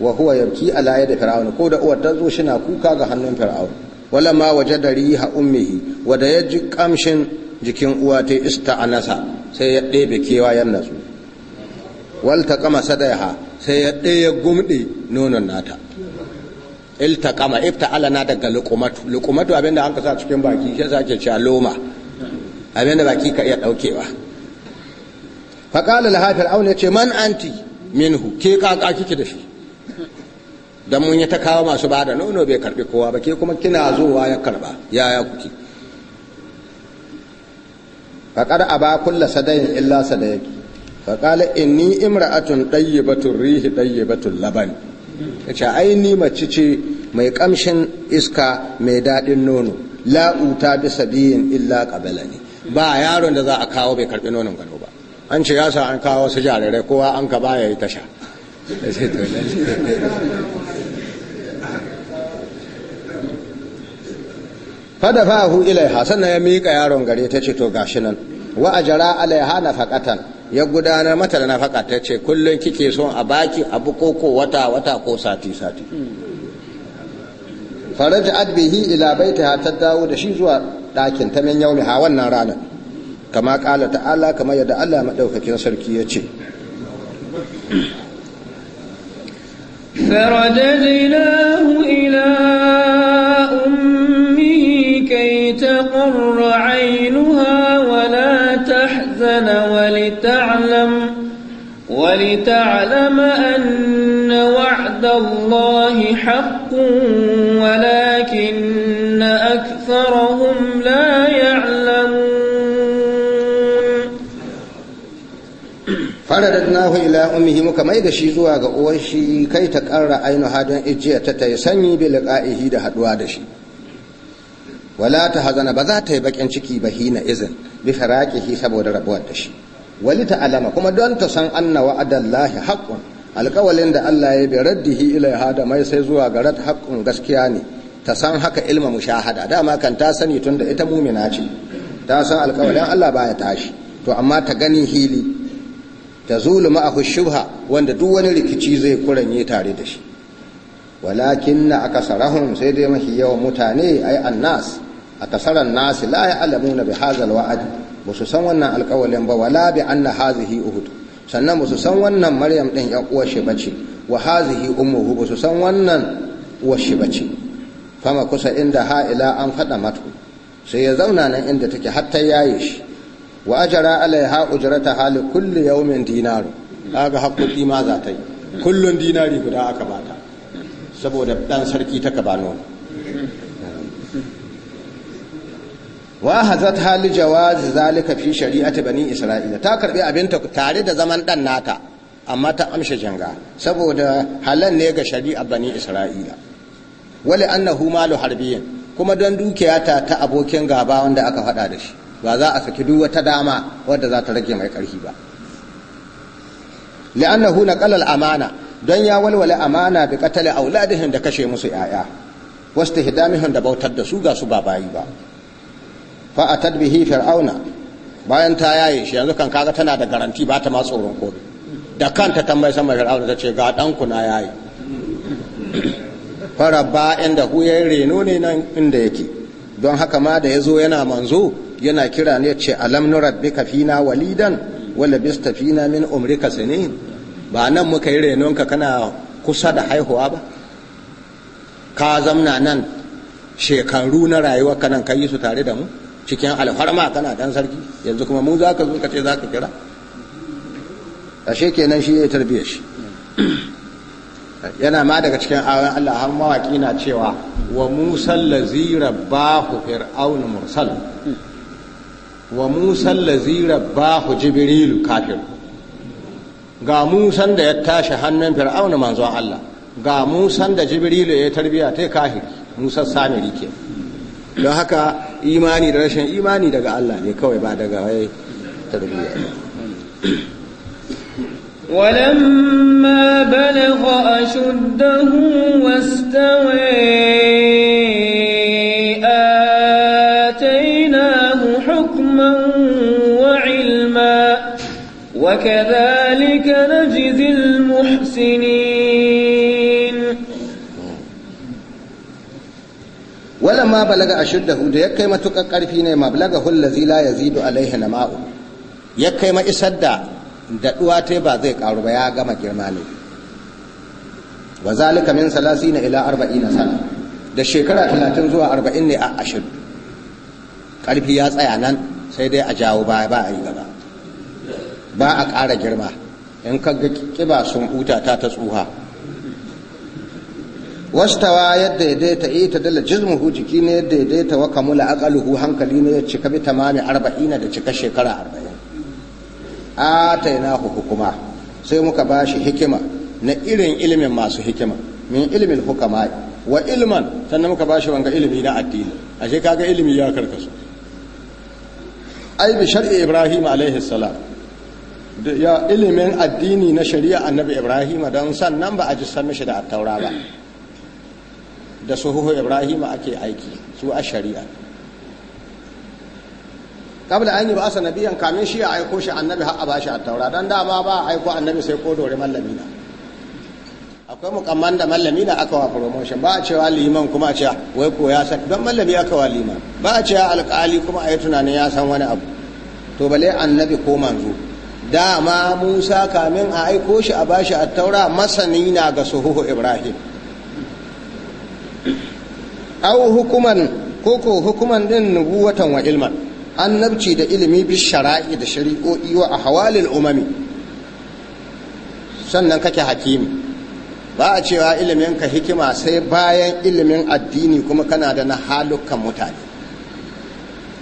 wa huwa yabki ala yadi fir'auna ko da uwar ta zo shi na kuka ga hannun fir'aun wala ma wajada riha ummihi wa da yaji kamshin jikin uwa ta ista'anasa sai ya debe kewa yan nasu wal taqama sadaiha sai ya gumɗe nonon nata iltaqama ifta'ala na daga luqumatu luqumatu abinda an kasa cikin baki sai sake ci loma abinda baki ka iya daukewa fa qala laha fir'auna yace man anti minhu ke kaka kike da shi dan mun yi ta kawo masu bada nono bai karbi kowa ba ke kuma kina zuwa ya karba yaya kuke ba aba kullu sadayin illa sadayaki faqala inni imra'atun tayyibatun rihi tayyibatun laban yace ai ni mace ce mai kamshin iska mai daɗin nono la'uta bi sabiyin illa qabalani ba yaron da za a kawo bai karbi nonon gano ba an ce ya sa an kawo su jarirai kowa an ka baya yi tasha fada fahu ilaiha sannan ya mika yaron gare ta ce to gashi nan wa ajara alaiha nafaqatan ya gudanar mata da nafaka ta ce kullun kike son a baki abu ko ko wata wata ko sati sati faraja'at adbihi ila baitiha ta dawo da shi zuwa ɗakin ta min yaumi ha wannan ranar kama ƙala ta'ala kama yadda Allah maɗaukakin sarki ya ce فرجدناه إلى تقر عينها ولا تحزن ولتعلم ولتعلم أن وعد الله حق ولكن أكثرهم لا يعلمون فرددناه إلى أمه مكما إذا شي زوا ga uwar shi kai ta karra ainu hadan ijiya ta tayi sanyi bi liqa'ihi da haduwa da shi wala ta hazana ba za ta yi bakin ciki ba hina izin bi shi saboda rabuwar da shi wali ta alama kuma don ta san anna adallahi haqqun alƙawalin da Allah ya bi raddihi ilaiha da mai sai zuwa ga rad haqqun gaskiya ne ta san haka ilma mushahada dama kan ta sani tunda ita mumina ce ta san alƙawalin Allah baya tashi to amma ta gani hili ta zuluma a shubha wanda duk wani rikici zai kuranye tare da shi walakin na aka sarahun sai dai mafi yawan mutane ai annas akasaran nasi la ya'lamuna bi hadzal wa'd ba su san wannan alƙawalin ba wala bi anna hazihi uhud sannan ba su san wannan maryam din ya uwar shi bace wa hazihi ummuhu ba su san wannan uwar shi bace fama kusa inda ha'ila an faɗa mata sai ya zauna nan inda take hatta yaye shi wa ajara alaiha ujrata hali kulli yawmin dinaru kaga hakkuki ma za ta yi kullun dinari guda aka bata saboda dan sarki ta kabano wa hali jawazi zalika fi shari'ati bani isra'ila ta karbi abinta tare da zaman dan nata amma ta amshe janga saboda halan ne ga shari'a bani isra'ila wali annahu malu harbiyin kuma don dukiya ta ta abokin gaba wanda aka fada da shi ba za a saki duk wata dama wadda za ta rage mai karfi ba li'annahu naqala al-amana don ya walwala amana bi qatali auladihim da kashe musu yaya wastihdamihim da bautar da su ga su ba bayi ba fa atad bihi fir'auna bayan ta yaye shi yanzu kan kaga tana da garanti ba ta ma tsoron kobe da kanta ta tambayi sama fir'auna ta ce ga ɗanku na yayi fara ba inda hu ya reno ne nan inda yake don haka ma da ya zo yana manzo yana kira ne ce alam nurabbika fina walidan wala bista fina min umrika sanin ba nan muka yi ka kana kusa da haihuwa ba ka zamna nan shekaru na rayuwa kanan ka su tare da mu cikin alfarma kana dan sarki yanzu kuma mu za ka zo ka ce za ka kira ashe kenan shi ya yi tarbiyyar shi yana ma daga cikin awon Allah har mawaki na cewa wa musal lazi rabbahu fir'aun mursal wa musal lazi rabbahu jibril kafir ga musan da ya tashi hannun fir'aun manzon Allah ga musan da jibril ya tarbiya ta kafir musa samiri kenan don haka imani da rashin imani daga Allah ne kawai ba daga wai tarbiyya ولما بلغ أشده واستوي آتيناه حكما وعلما وكذلك نجزي المحسنين wala ma balaga ashuddahu da ya kai matukar ƙarfi ne ma balaga hullazi la yazidu alaihi nama'u ya kai ma isar da daɗuwa ta ba zai ƙaru ba ya gama girma ne wa zalika min salasi na ila na sana da shekara talatin zuwa arba'in ne a ashir ƙarfi ya tsaya nan sai dai a jawo ba a yi gaba ba a ƙara girma in ka ga kiba sun huta ta ta tsuha wastawa yadda daidaita ita eh, dala jizmuhu jiki ne yadda daidaita wa kamula aqaluhu hankali ne ya cika bi tamami arba'ina da cika shekara arba'in atainahu hukuma sai muka bashi hikima na irin ilimin masu hikima min ilimin hukama wa ilman sannan muka bashi wanga ilimi na addini ashe kaga ilimi ya karkasu ai bi shar'i ibrahim alaihi salam ya ilimin addini na shari'a annabi ibrahim dan sannan ba a ji san mishi da attaura ba da suhuhu ibrahima ake aiki su a shari'a kabla an yi ba asa nabiyan kamin shi a aiko shi annabi har a ba shi a taura don dama ba a aiko annabi sai ko dore mallami na akwai mukamman da mallami na aka wa promotion ba a cewa liman kuma a cewa wai ko ya san don mallami aka wa liman ba a cewa alkali kuma a yi tunanin ya san wani abu to bale annabi ko manzo dama musa kamin a aiko shi a shi a taura masani na ga suhuhu ibrahim au hukuman koko hukuman din nubuwatan wa ilman annabci da ilimi bi shara'i da shari'o'i wa ahwalil umami sannan kake hakimi ba a cewa ilimin ka hikima sai bayan ilimin addini kuma kana da na halukan mutane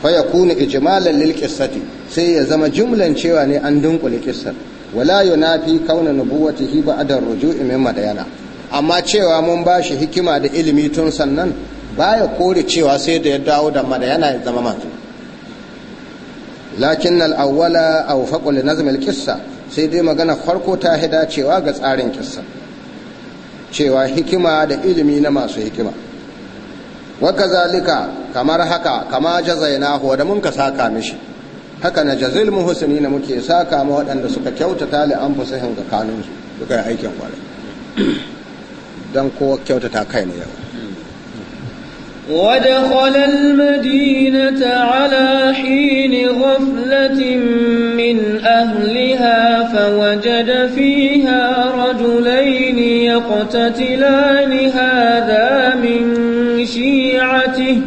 fa yakunu ijmalan lil qissati sai ya zama jumlan cewa ne an dunkule qissar wala yunafi kauna nubuwatihi ba'da ruju'i mimma dayana amma cewa mun bashi hikima da ilimi tun sannan baya kore cewa sai da ya dawo da mada yana zama manzo lakin nan awwala a faqul nazm al sai dai magana farko ta hida cewa ga tsarin kissa cewa hikima da ilimi na masu hikima wa kazalika kamar haka kama jazainahu da mun ka saka mishi haka na jazil muhsini na muke sa ma waɗanda suka kyautata li anfusihim ga kanunsu suka yi aikin kwarai dan kowa kyautata kai ne yau ودخل المدينة على حين غفلة من أهلها فوجد فيها رجلين يقتتلان هذا من شيعته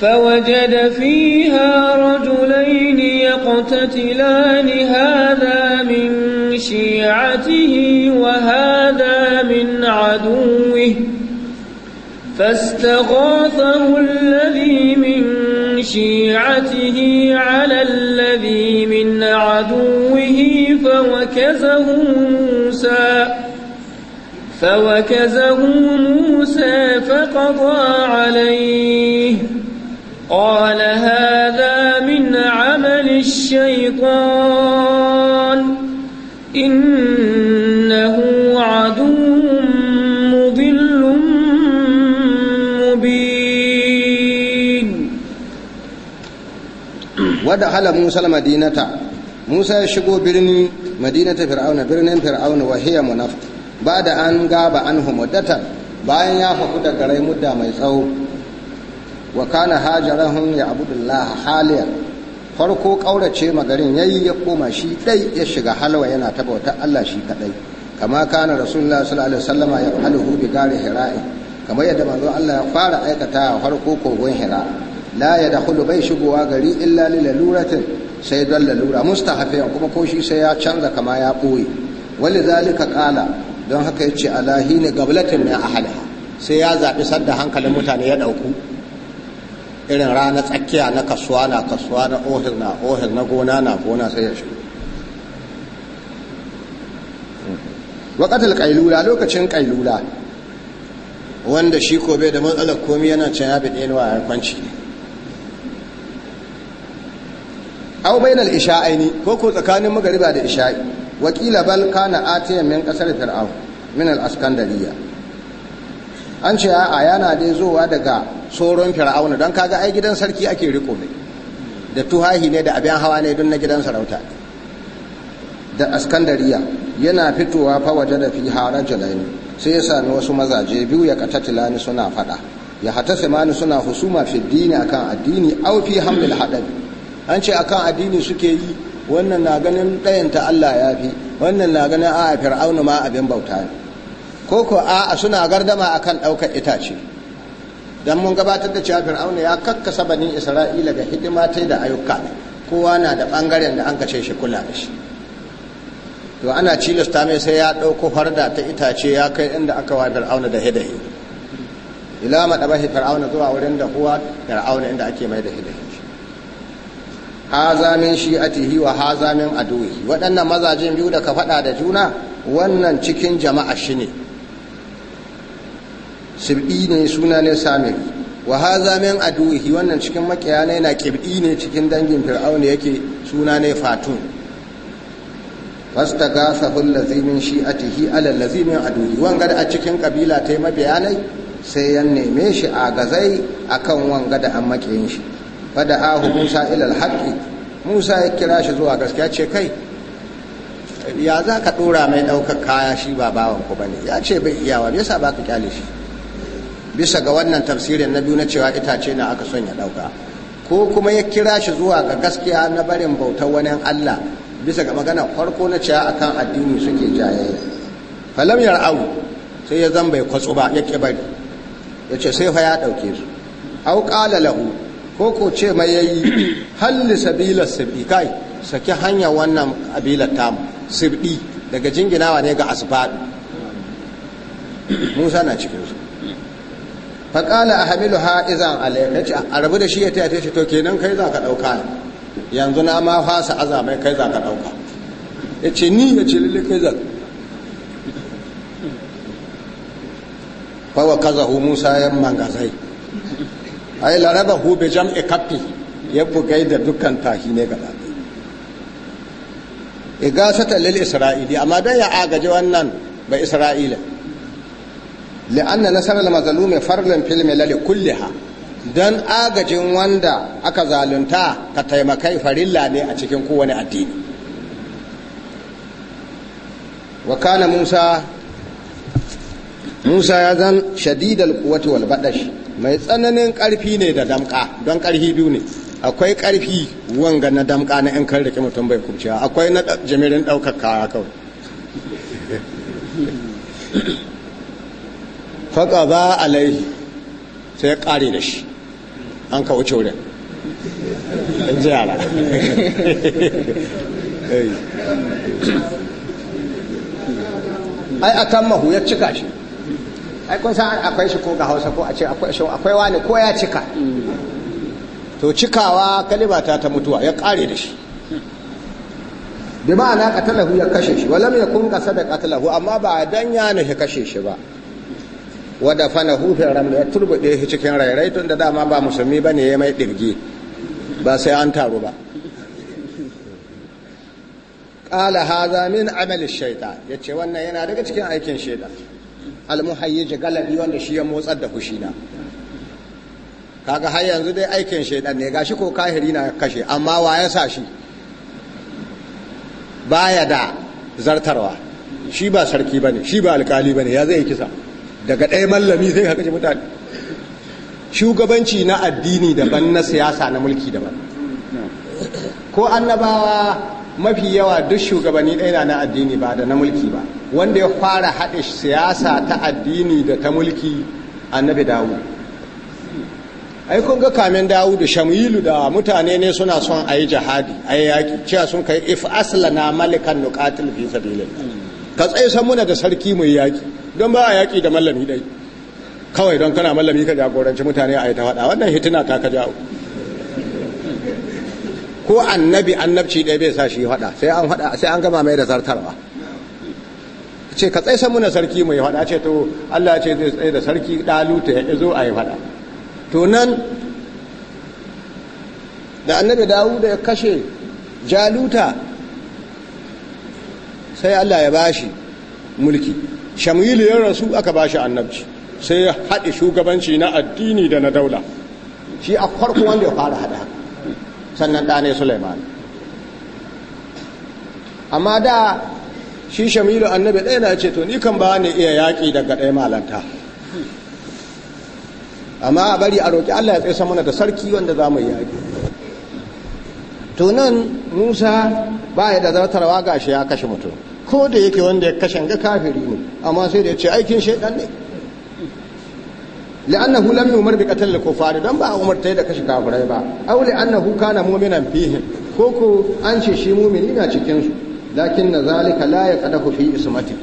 فوجد فيها رجلين يقتتلان هذا من شيعته وهذا من عدوه فاستغاثه الذي من شيعته على الذي من عدوه فوكزه موسى فوكزه موسى فقضى عليه قال هذا من عمل الشيطان إن wadda hala musa madinata musa ya shigo birni madinata fir'auna birnin fir'auna wa hiya munaf ba da an gaba an humuddatan bayan ya faku da garai mudda mai tsawo wa kana hajarahum ya abudullah haliya farko kaurace magarin yayi ya koma shi dai ya shiga halawa yana ta bautar Allah shi kadai kama kana rasulullah sallallahu alaihi wasallama ya faluhu bi gari hira'i kamar yadda manzo Allah ya fara aikata farko kogon hira'i la ya da hudu bai shigowa gari illa laluratin sai don lalura mustahafiyan kuma ko shi sai ya canza kama ya ɓoye wali zalika kala don haka ya ce alahi ne gablatin na ahala sai ya zaɓi sadda hankalin mutane ya ɗauku irin rana tsakiya na kasuwa na kasuwa na ohir na ohir na gona na gona sai ya shigo wakatar ƙailula lokacin ƙailula wanda shi ko bai da matsalar komi yana can ya bi ɗaya a kwanci ne aw bainal isha'aini ko ko tsakanin magariba da isha'i wakila bal kana atiyan min kasar fir'aun min al askandariya an ce a yana dai zowa daga tsoron fir'auna don kaga ai gidan sarki ake riko ne da tuhahi ne da abin hawa ne don na gidan sarauta da askandariya yana fitowa fa waje da fi hara jalani sai ya sami wasu mazaje biyu ya katatilani suna fada ya mani suna husuma fi dini akan addini au fi hamdul hadabi an ce akan addini suke yi wannan na ganin ɗayanta Allah ya fi wannan na ganin a'a fir'aunu ma abin bauta ne ko ko a'a suna gardama akan ɗaukar itace dan mun gabatar da cewa fir'auna ya kakkasa banin isra'ila ga hidima ta da ayyuka kowa na da ɓangaren da an kace shi kula da shi to ana cilasta mai sai ya ɗauko farda ta itace ya kai inda aka wa fir'auna da hidahi ila madabahi fir'auna zuwa wurin da kowa fir'auna inda ake mai da hidahi haza min shi'atihi wa haza min aduwi waɗannan mazajen biyu da ka faɗa da juna wannan cikin jama'a shi ne sib'i ne suna ne samiri wa haza min aduwi wannan cikin makiya ne na kib'i ne cikin dangin fir'auna yake suna ne fatun fastagasahu allazi min shi'atihi ala lazimin aduwi aduwihi wanga da a cikin kabila ta yi mabiyanai sai ya neme shi a gazai akan wanga da an makiyin shi ahu Musa ilal haqqi Musa ya kira shi zuwa gaskiya ce kai ya za ka dora mai daukar kaya shi ba bawan ku bane ya ce bai iyawa yasa ba ka kyale shi bisa ga wannan tafsirin na biyu na cewa itace na aka son ya dauka ko kuma ya kira shi zuwa ga gaskiya na barin bautar wani Allah bisa ga magana farko na cewa akan addini suke jayayya falam yar'au sai ya zan bai kwatsu ba ya bari ya ce sai fa ya dauke su au qala lahu ko ko ce mai yi halli sabila sabi kai saki hanya wannan abilar tam sirdi daga jinginawa ne ga asbab musa na cikin su faƙala a hamilu ha izan alaika a rabu da shi ya taya ce to kenan kai za ka ɗauka yanzu na ma fasa azamai kai za ka ɗauka ya ce ni ya ce lalle kai za ka kaza kazahu musa yamma mangazai ai laraba hu jam jam'i e kaffi ya bugai da dukkan tahi ne gaba e sata lil isra'ili amma don ya agaji wannan ba isra'ila li'anna nasarar mazalumi farlin filmi lalle kulliha don agajin wanda aka zalunta ka taimakai farilla ne a cikin kowane addini wa kana musa Musa ya zan shadidal kuwatu wal badash mai tsananin karfi ne da damka don karfi biyu ne akwai karfi wanga na damka na yan kan rike mutum bai kubciya akwai na jamirin daukar kawa kawai faka ba lai sai kare da shi an kawo wurin in ji yara ai a kan mahu ya cika shi ai kun san akwai shi ko ga hausa ko a ce akwai wani ko ya cika to cikawa kalima ta ta mutuwa ya kare da shi bi ma'ana qatalahu ya kashe shi walam yakun da katalahu amma ba dan ya shi kashe shi ba wa dafanahu fi ramli ya turbuɗe shi cikin rairai tun da dama ba musulmi ne ya mai dirge ba sai an taru ba Ƙala hadha min amali shaytan yace wannan yana daga cikin aikin shaytan almuhayyaji galabi wanda shi ya motsar da fushi na. kaga har yanzu dai aikin shaidan ne gashi ko kahiri na kashe amma wa ya sa shi baya da zartarwa shi ba sarki bane shi ba alkali bane ya zai kisa daga ɗaya mallami sai ka kace mutane shugabanci na addini daban na siyasa na mulki daban ko annabawa mafi yawa duk shugabanni ɗaya na na addini ba da na mulki ba wanda ya fara haɗe siyasa ta addini da ta mulki annabi dawud ai kun ga kamin dawud shamilu da mutane ne suna son a yi jihadi a yi yaƙi cewa sun kai if aslana malikan nuqatil fi sabilin ka tsaye san muna da sarki mai yaƙi don ba a yaƙi da mallami dai kawai don kana mallami ka jagoranci mutane a yi ta faɗa wannan hitina ta ka jawo ko annabi annabci ɗaya bai sa shi faɗa sai an faɗa sai an gama mai da zartarwa ce ka tsaye muna sarki mai faɗa ce to Allah ce zai tsaye da sarki ɗaluta ya zo a yi faɗa to nan da annabi dawo da ya kashe jaluta sai Allah ya bashi mulki shamilu ya rasu aka bashi annabci sai ya haɗe shugabanci na addini da na daula shi a farko wanda ya fara haɗa haka sannan ɗa ne Suleiman amma da shi Shamilu annabi ɗaya na ce to ni kan ba ni iya yaƙi daga ɗaya malanta amma a bari a roƙi Allah ya tsaye mana da sarki wanda za mu yaƙi to nan Musa ba ya da zartarwa gashi ya kashe mutum ko da yake wanda ya kashe ga kafiri ne amma sai da ya ce aikin shaidan ne لأنه لم يمر بقتل الكفار دم با عمر تيدا كشي كافرين با أو لأنه كان مؤمنا فيهم كوكو أنشي شي مؤمنين cikin لكن ذلك لا يقده في اسمته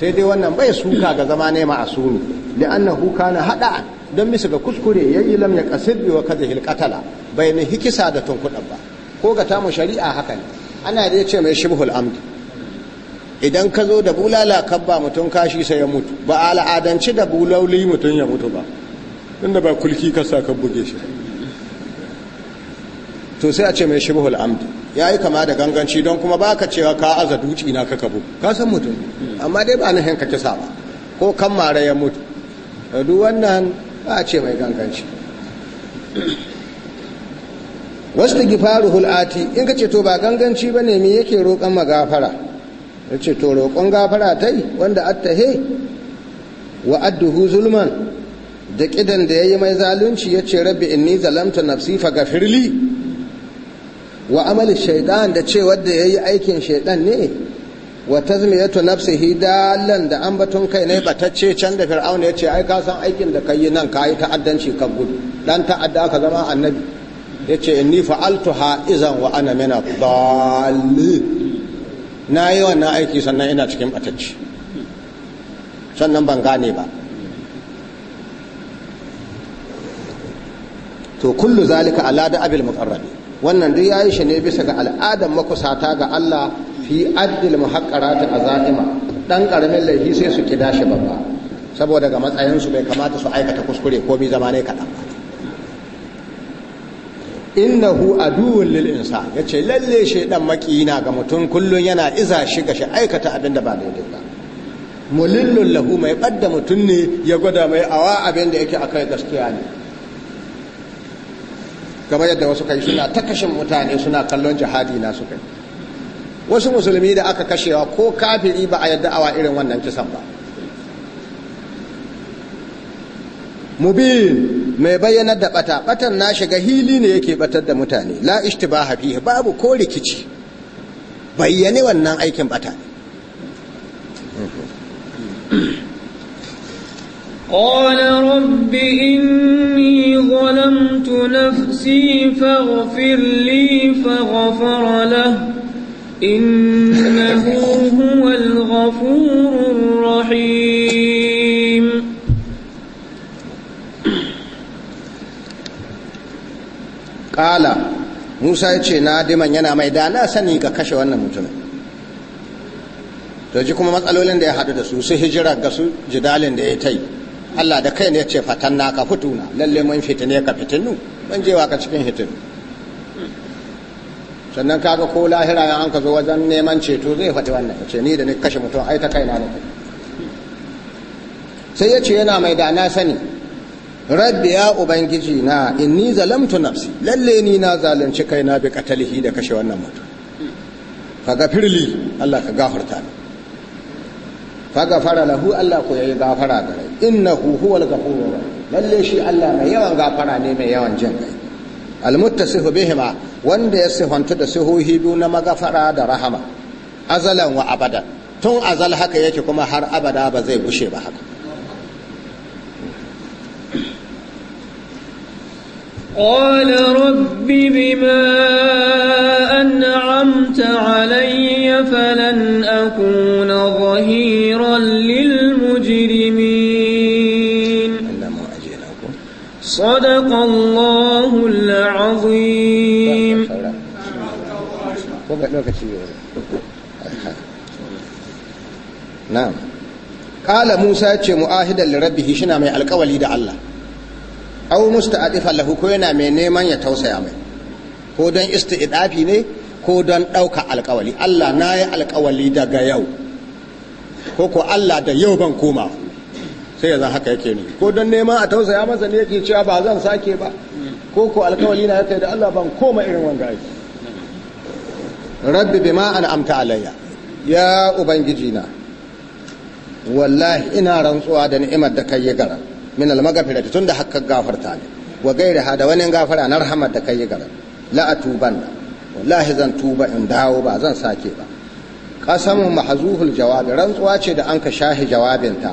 sai dai wannan bai suka ga zama ne ma'asumi li'annahu kana hada dan bisa ga kuskure yayi lam ya kasib wa hilkatala qatala bai hikisa da tunkudan ba ko ga tamu shari'a haka ne ana da yace mai shibhul amd idan ka zo da bulala kabba mutum kashi sai ya mutu ba al'adanci da bulauli mutum ya mutu ba inda ba kulki ka sa ka buge shi to sai a ce mai buhul amdi ya yi kama da ganganci don kuma ba ka cewa ka aza duci na ka kabo ka san mutum amma dai ba nahin ka kisa ba ko kan mara ya mutu duk wannan ba a ce mai ganganci wasu da gifaru hul'ati in ka ce to ba ganganci ba ne me yake roƙon magafara ya ce to roƙon gafara ta yi wanda attahe wa adduhu zulman da kidan da ya yi mai zalunci ya ce rabbi inni zalamta nafsi fa gafirli wa amali shaidan da ce wadda ya yi aikin shaidan ne wa tazmiyatu nafsihi dalan da ambaton kai ne batacce can da fir'auna ya ce ai ka san aikin da kai nan ka yi ta'addanci ka gudu dan ta'adda ka zama annabi ya ce inni fa'altuha izan wa ana mina dalli na yi wannan aiki sannan ina cikin batacce sannan ban gane ba to kullu zalika ala da abil muqarrabi wannan duk yayi shi ne bisa ga al'adan makusata ga Allah fi addil muhaqqarati azaima dan karamin laifi sai su kida shi babba saboda ga matsayin su bai kamata su aikata kuskure ko bi zama ne kadan innahu aduwwun lil insan yace lalle shi dan makina ga mutum kullun yana iza shi ga shi aikata abinda ba daidai ba mulillun lahu mai badda mutum ne ya gwada mai awa abinda yake akai gaskiya ne kamar yadda wasu kai suna ta kashe mutane suna kallon jihadi na su yi wasu musulmi da aka kashewa ko kafiri ba a yadda awa irin wannan kisan ba mubin mai bayyanar da bata batan na shiga hili ne yake batar da mutane la ishtibaha fihi babu ko rikici bayyane wannan aikin bata قال رب إني ظلمت نفسي فاغفر لي فغفر له إنه هو الغفور الرحيم قال Musa ya ce na diman yana mai da na sani ka kashe wannan mutumin to ji kuma matsalolin da ya haɗu da su su hijira ga su jidalin da ya ta Allah da kai ne ce fatan naka fituna lalle mun fitine ka fitinu mun wa ka cikin hitin sannan kaga ko lahira ya an ka zo wajen neman ceto zai faɗi wannan ce ni da ni kashe mutum ai ta kai na ne sai ya ce yana mai da na sani rabbi ya ubangiji na inni zalamtu nafsi lalle ni na zalunci na bi katalihi da kashe wannan mutum fa gafirli Allah ka gafarta ni fa gafara lahu Allah ko yayi gafara gare innahu huwal ghafurur lalle shi Allah mai yawan gafara ne mai yawan jin kai almuttasifu bihima wanda ya sifantu da sihohi biyu na magafara da rahama azalan wa abada tun azal haka yake kuma har abada ba zai bushe ba haka قال رب بما أنعمت علي فلن أكون ظهيرا لي صدق الله العظيم na'am kala musa ce mu'ahidan lirabbihi shina mai alkawali da Allah aw musta'adifan lahu ko yana mai neman ya tausaya mai ko don ista isti'dafi ne ko don ɗauka alkawali Allah na yi alkawali daga yau ko ko Allah da yau ban koma sai ya haka yake ne ko don nema a tausaya masa ne yake cewa ba zan sake ba ko ko alkawali na yake da Allah ban koma irin wanga aiki rabbi bima amta alayya ya ubangiji na wallahi ina rantsuwa da ni'imar da kai gara min almagfirati tunda hakka gafarta ne wa gairaha da wani gafara na rahmat da kai gara la atuban wallahi zan tuba in dawo ba zan sake ba qasamu mahzuhul jawabi rantsuwa ce da anka shahi jawabinta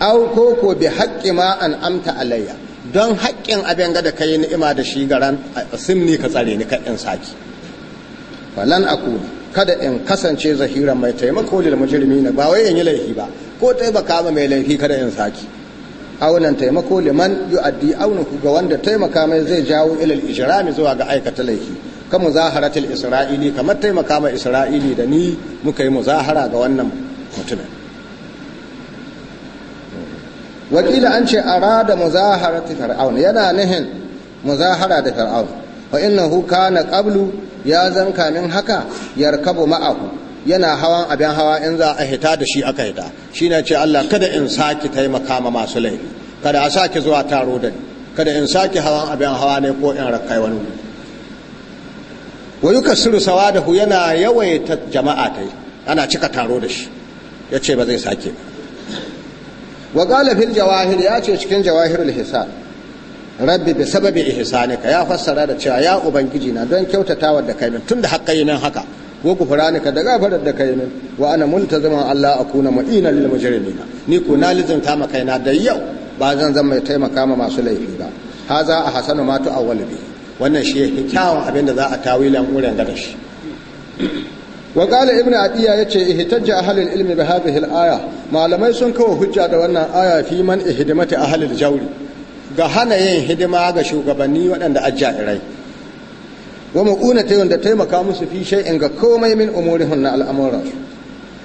au ko bi haƙƙi ma an amta alayya don haƙƙin abin ga da ka yi ni'ima da shi garan simni ka tsare ni ka in saki falan akuna kada in kasance zahiran mai taimako lil na ba wai yin yi laifi ba ko taimaka ma mai laifi kada in saki aunan taimako liman addi aunuku ga wanda taimaka mai zai jawo ilal ijrami zuwa ga aikata laifi ka muzaharatul isra'ili kamar taimaka ma isra'ili da ni muka yi muzahara ga wannan mutumin wakila an ce a muzahara ta fir'aun yana nihin muzahara da fir'aun wa hu kana qablu ya zanka min haka yarkabu ma'ahu yana hawan abin hawa in za a hita da shi aka hita shi na ce Allah kada in saki taimaka ma masu laifi kada a saki zuwa taro da ni kada in saki hawan abin hawa ne ko in rakkai wani wa yukasiru sawadahu yana yawaita jama'a tai ana cika taro da shi yace ba zai sake ba wa jawahiri jawahir ya ce cikin jawahirul hisan rabbi bi sababi ihsanika ya fassara da cewa ya ubangiji na don kyautatawa da kai min tunda nan yi nan haka wa ka da gafarar da kai wa ana zama Allah a akuna mu'ina lil mujrimina ni ko na ta ma kaina da yau ba zan zan mai taimaka ma masu laifi ba za a hasanu ma tu awwal bi wannan shi ya kyawun abin da za a tawilan uren ga da shi wa qala ibnu adiya yace ihtajja ahlul ilmi bi hadhihi al-aya malamai sun kawo hujja da wannan aya fi man ihdimati ahlul jawri ga hana yin hidima ga shugabanni waɗanda ajjairai wa ta wanda taimaka musu fi shay'in ga komai min umurihun na al'amuran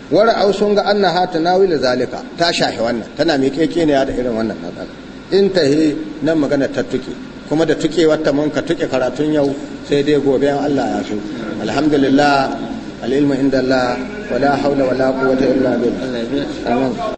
war ra'aw sun ga annaha tanawila zalika ta shahi wannan tana miƙeƙe ne da irin wannan matsala in tahi nan magana ta tuke kuma da tukewar ta mun ka tuke karatun yau sai dai gobe Allah ya so alhamdulillah العلم عند الله ولا حول ولا قوة إلا بالله آمين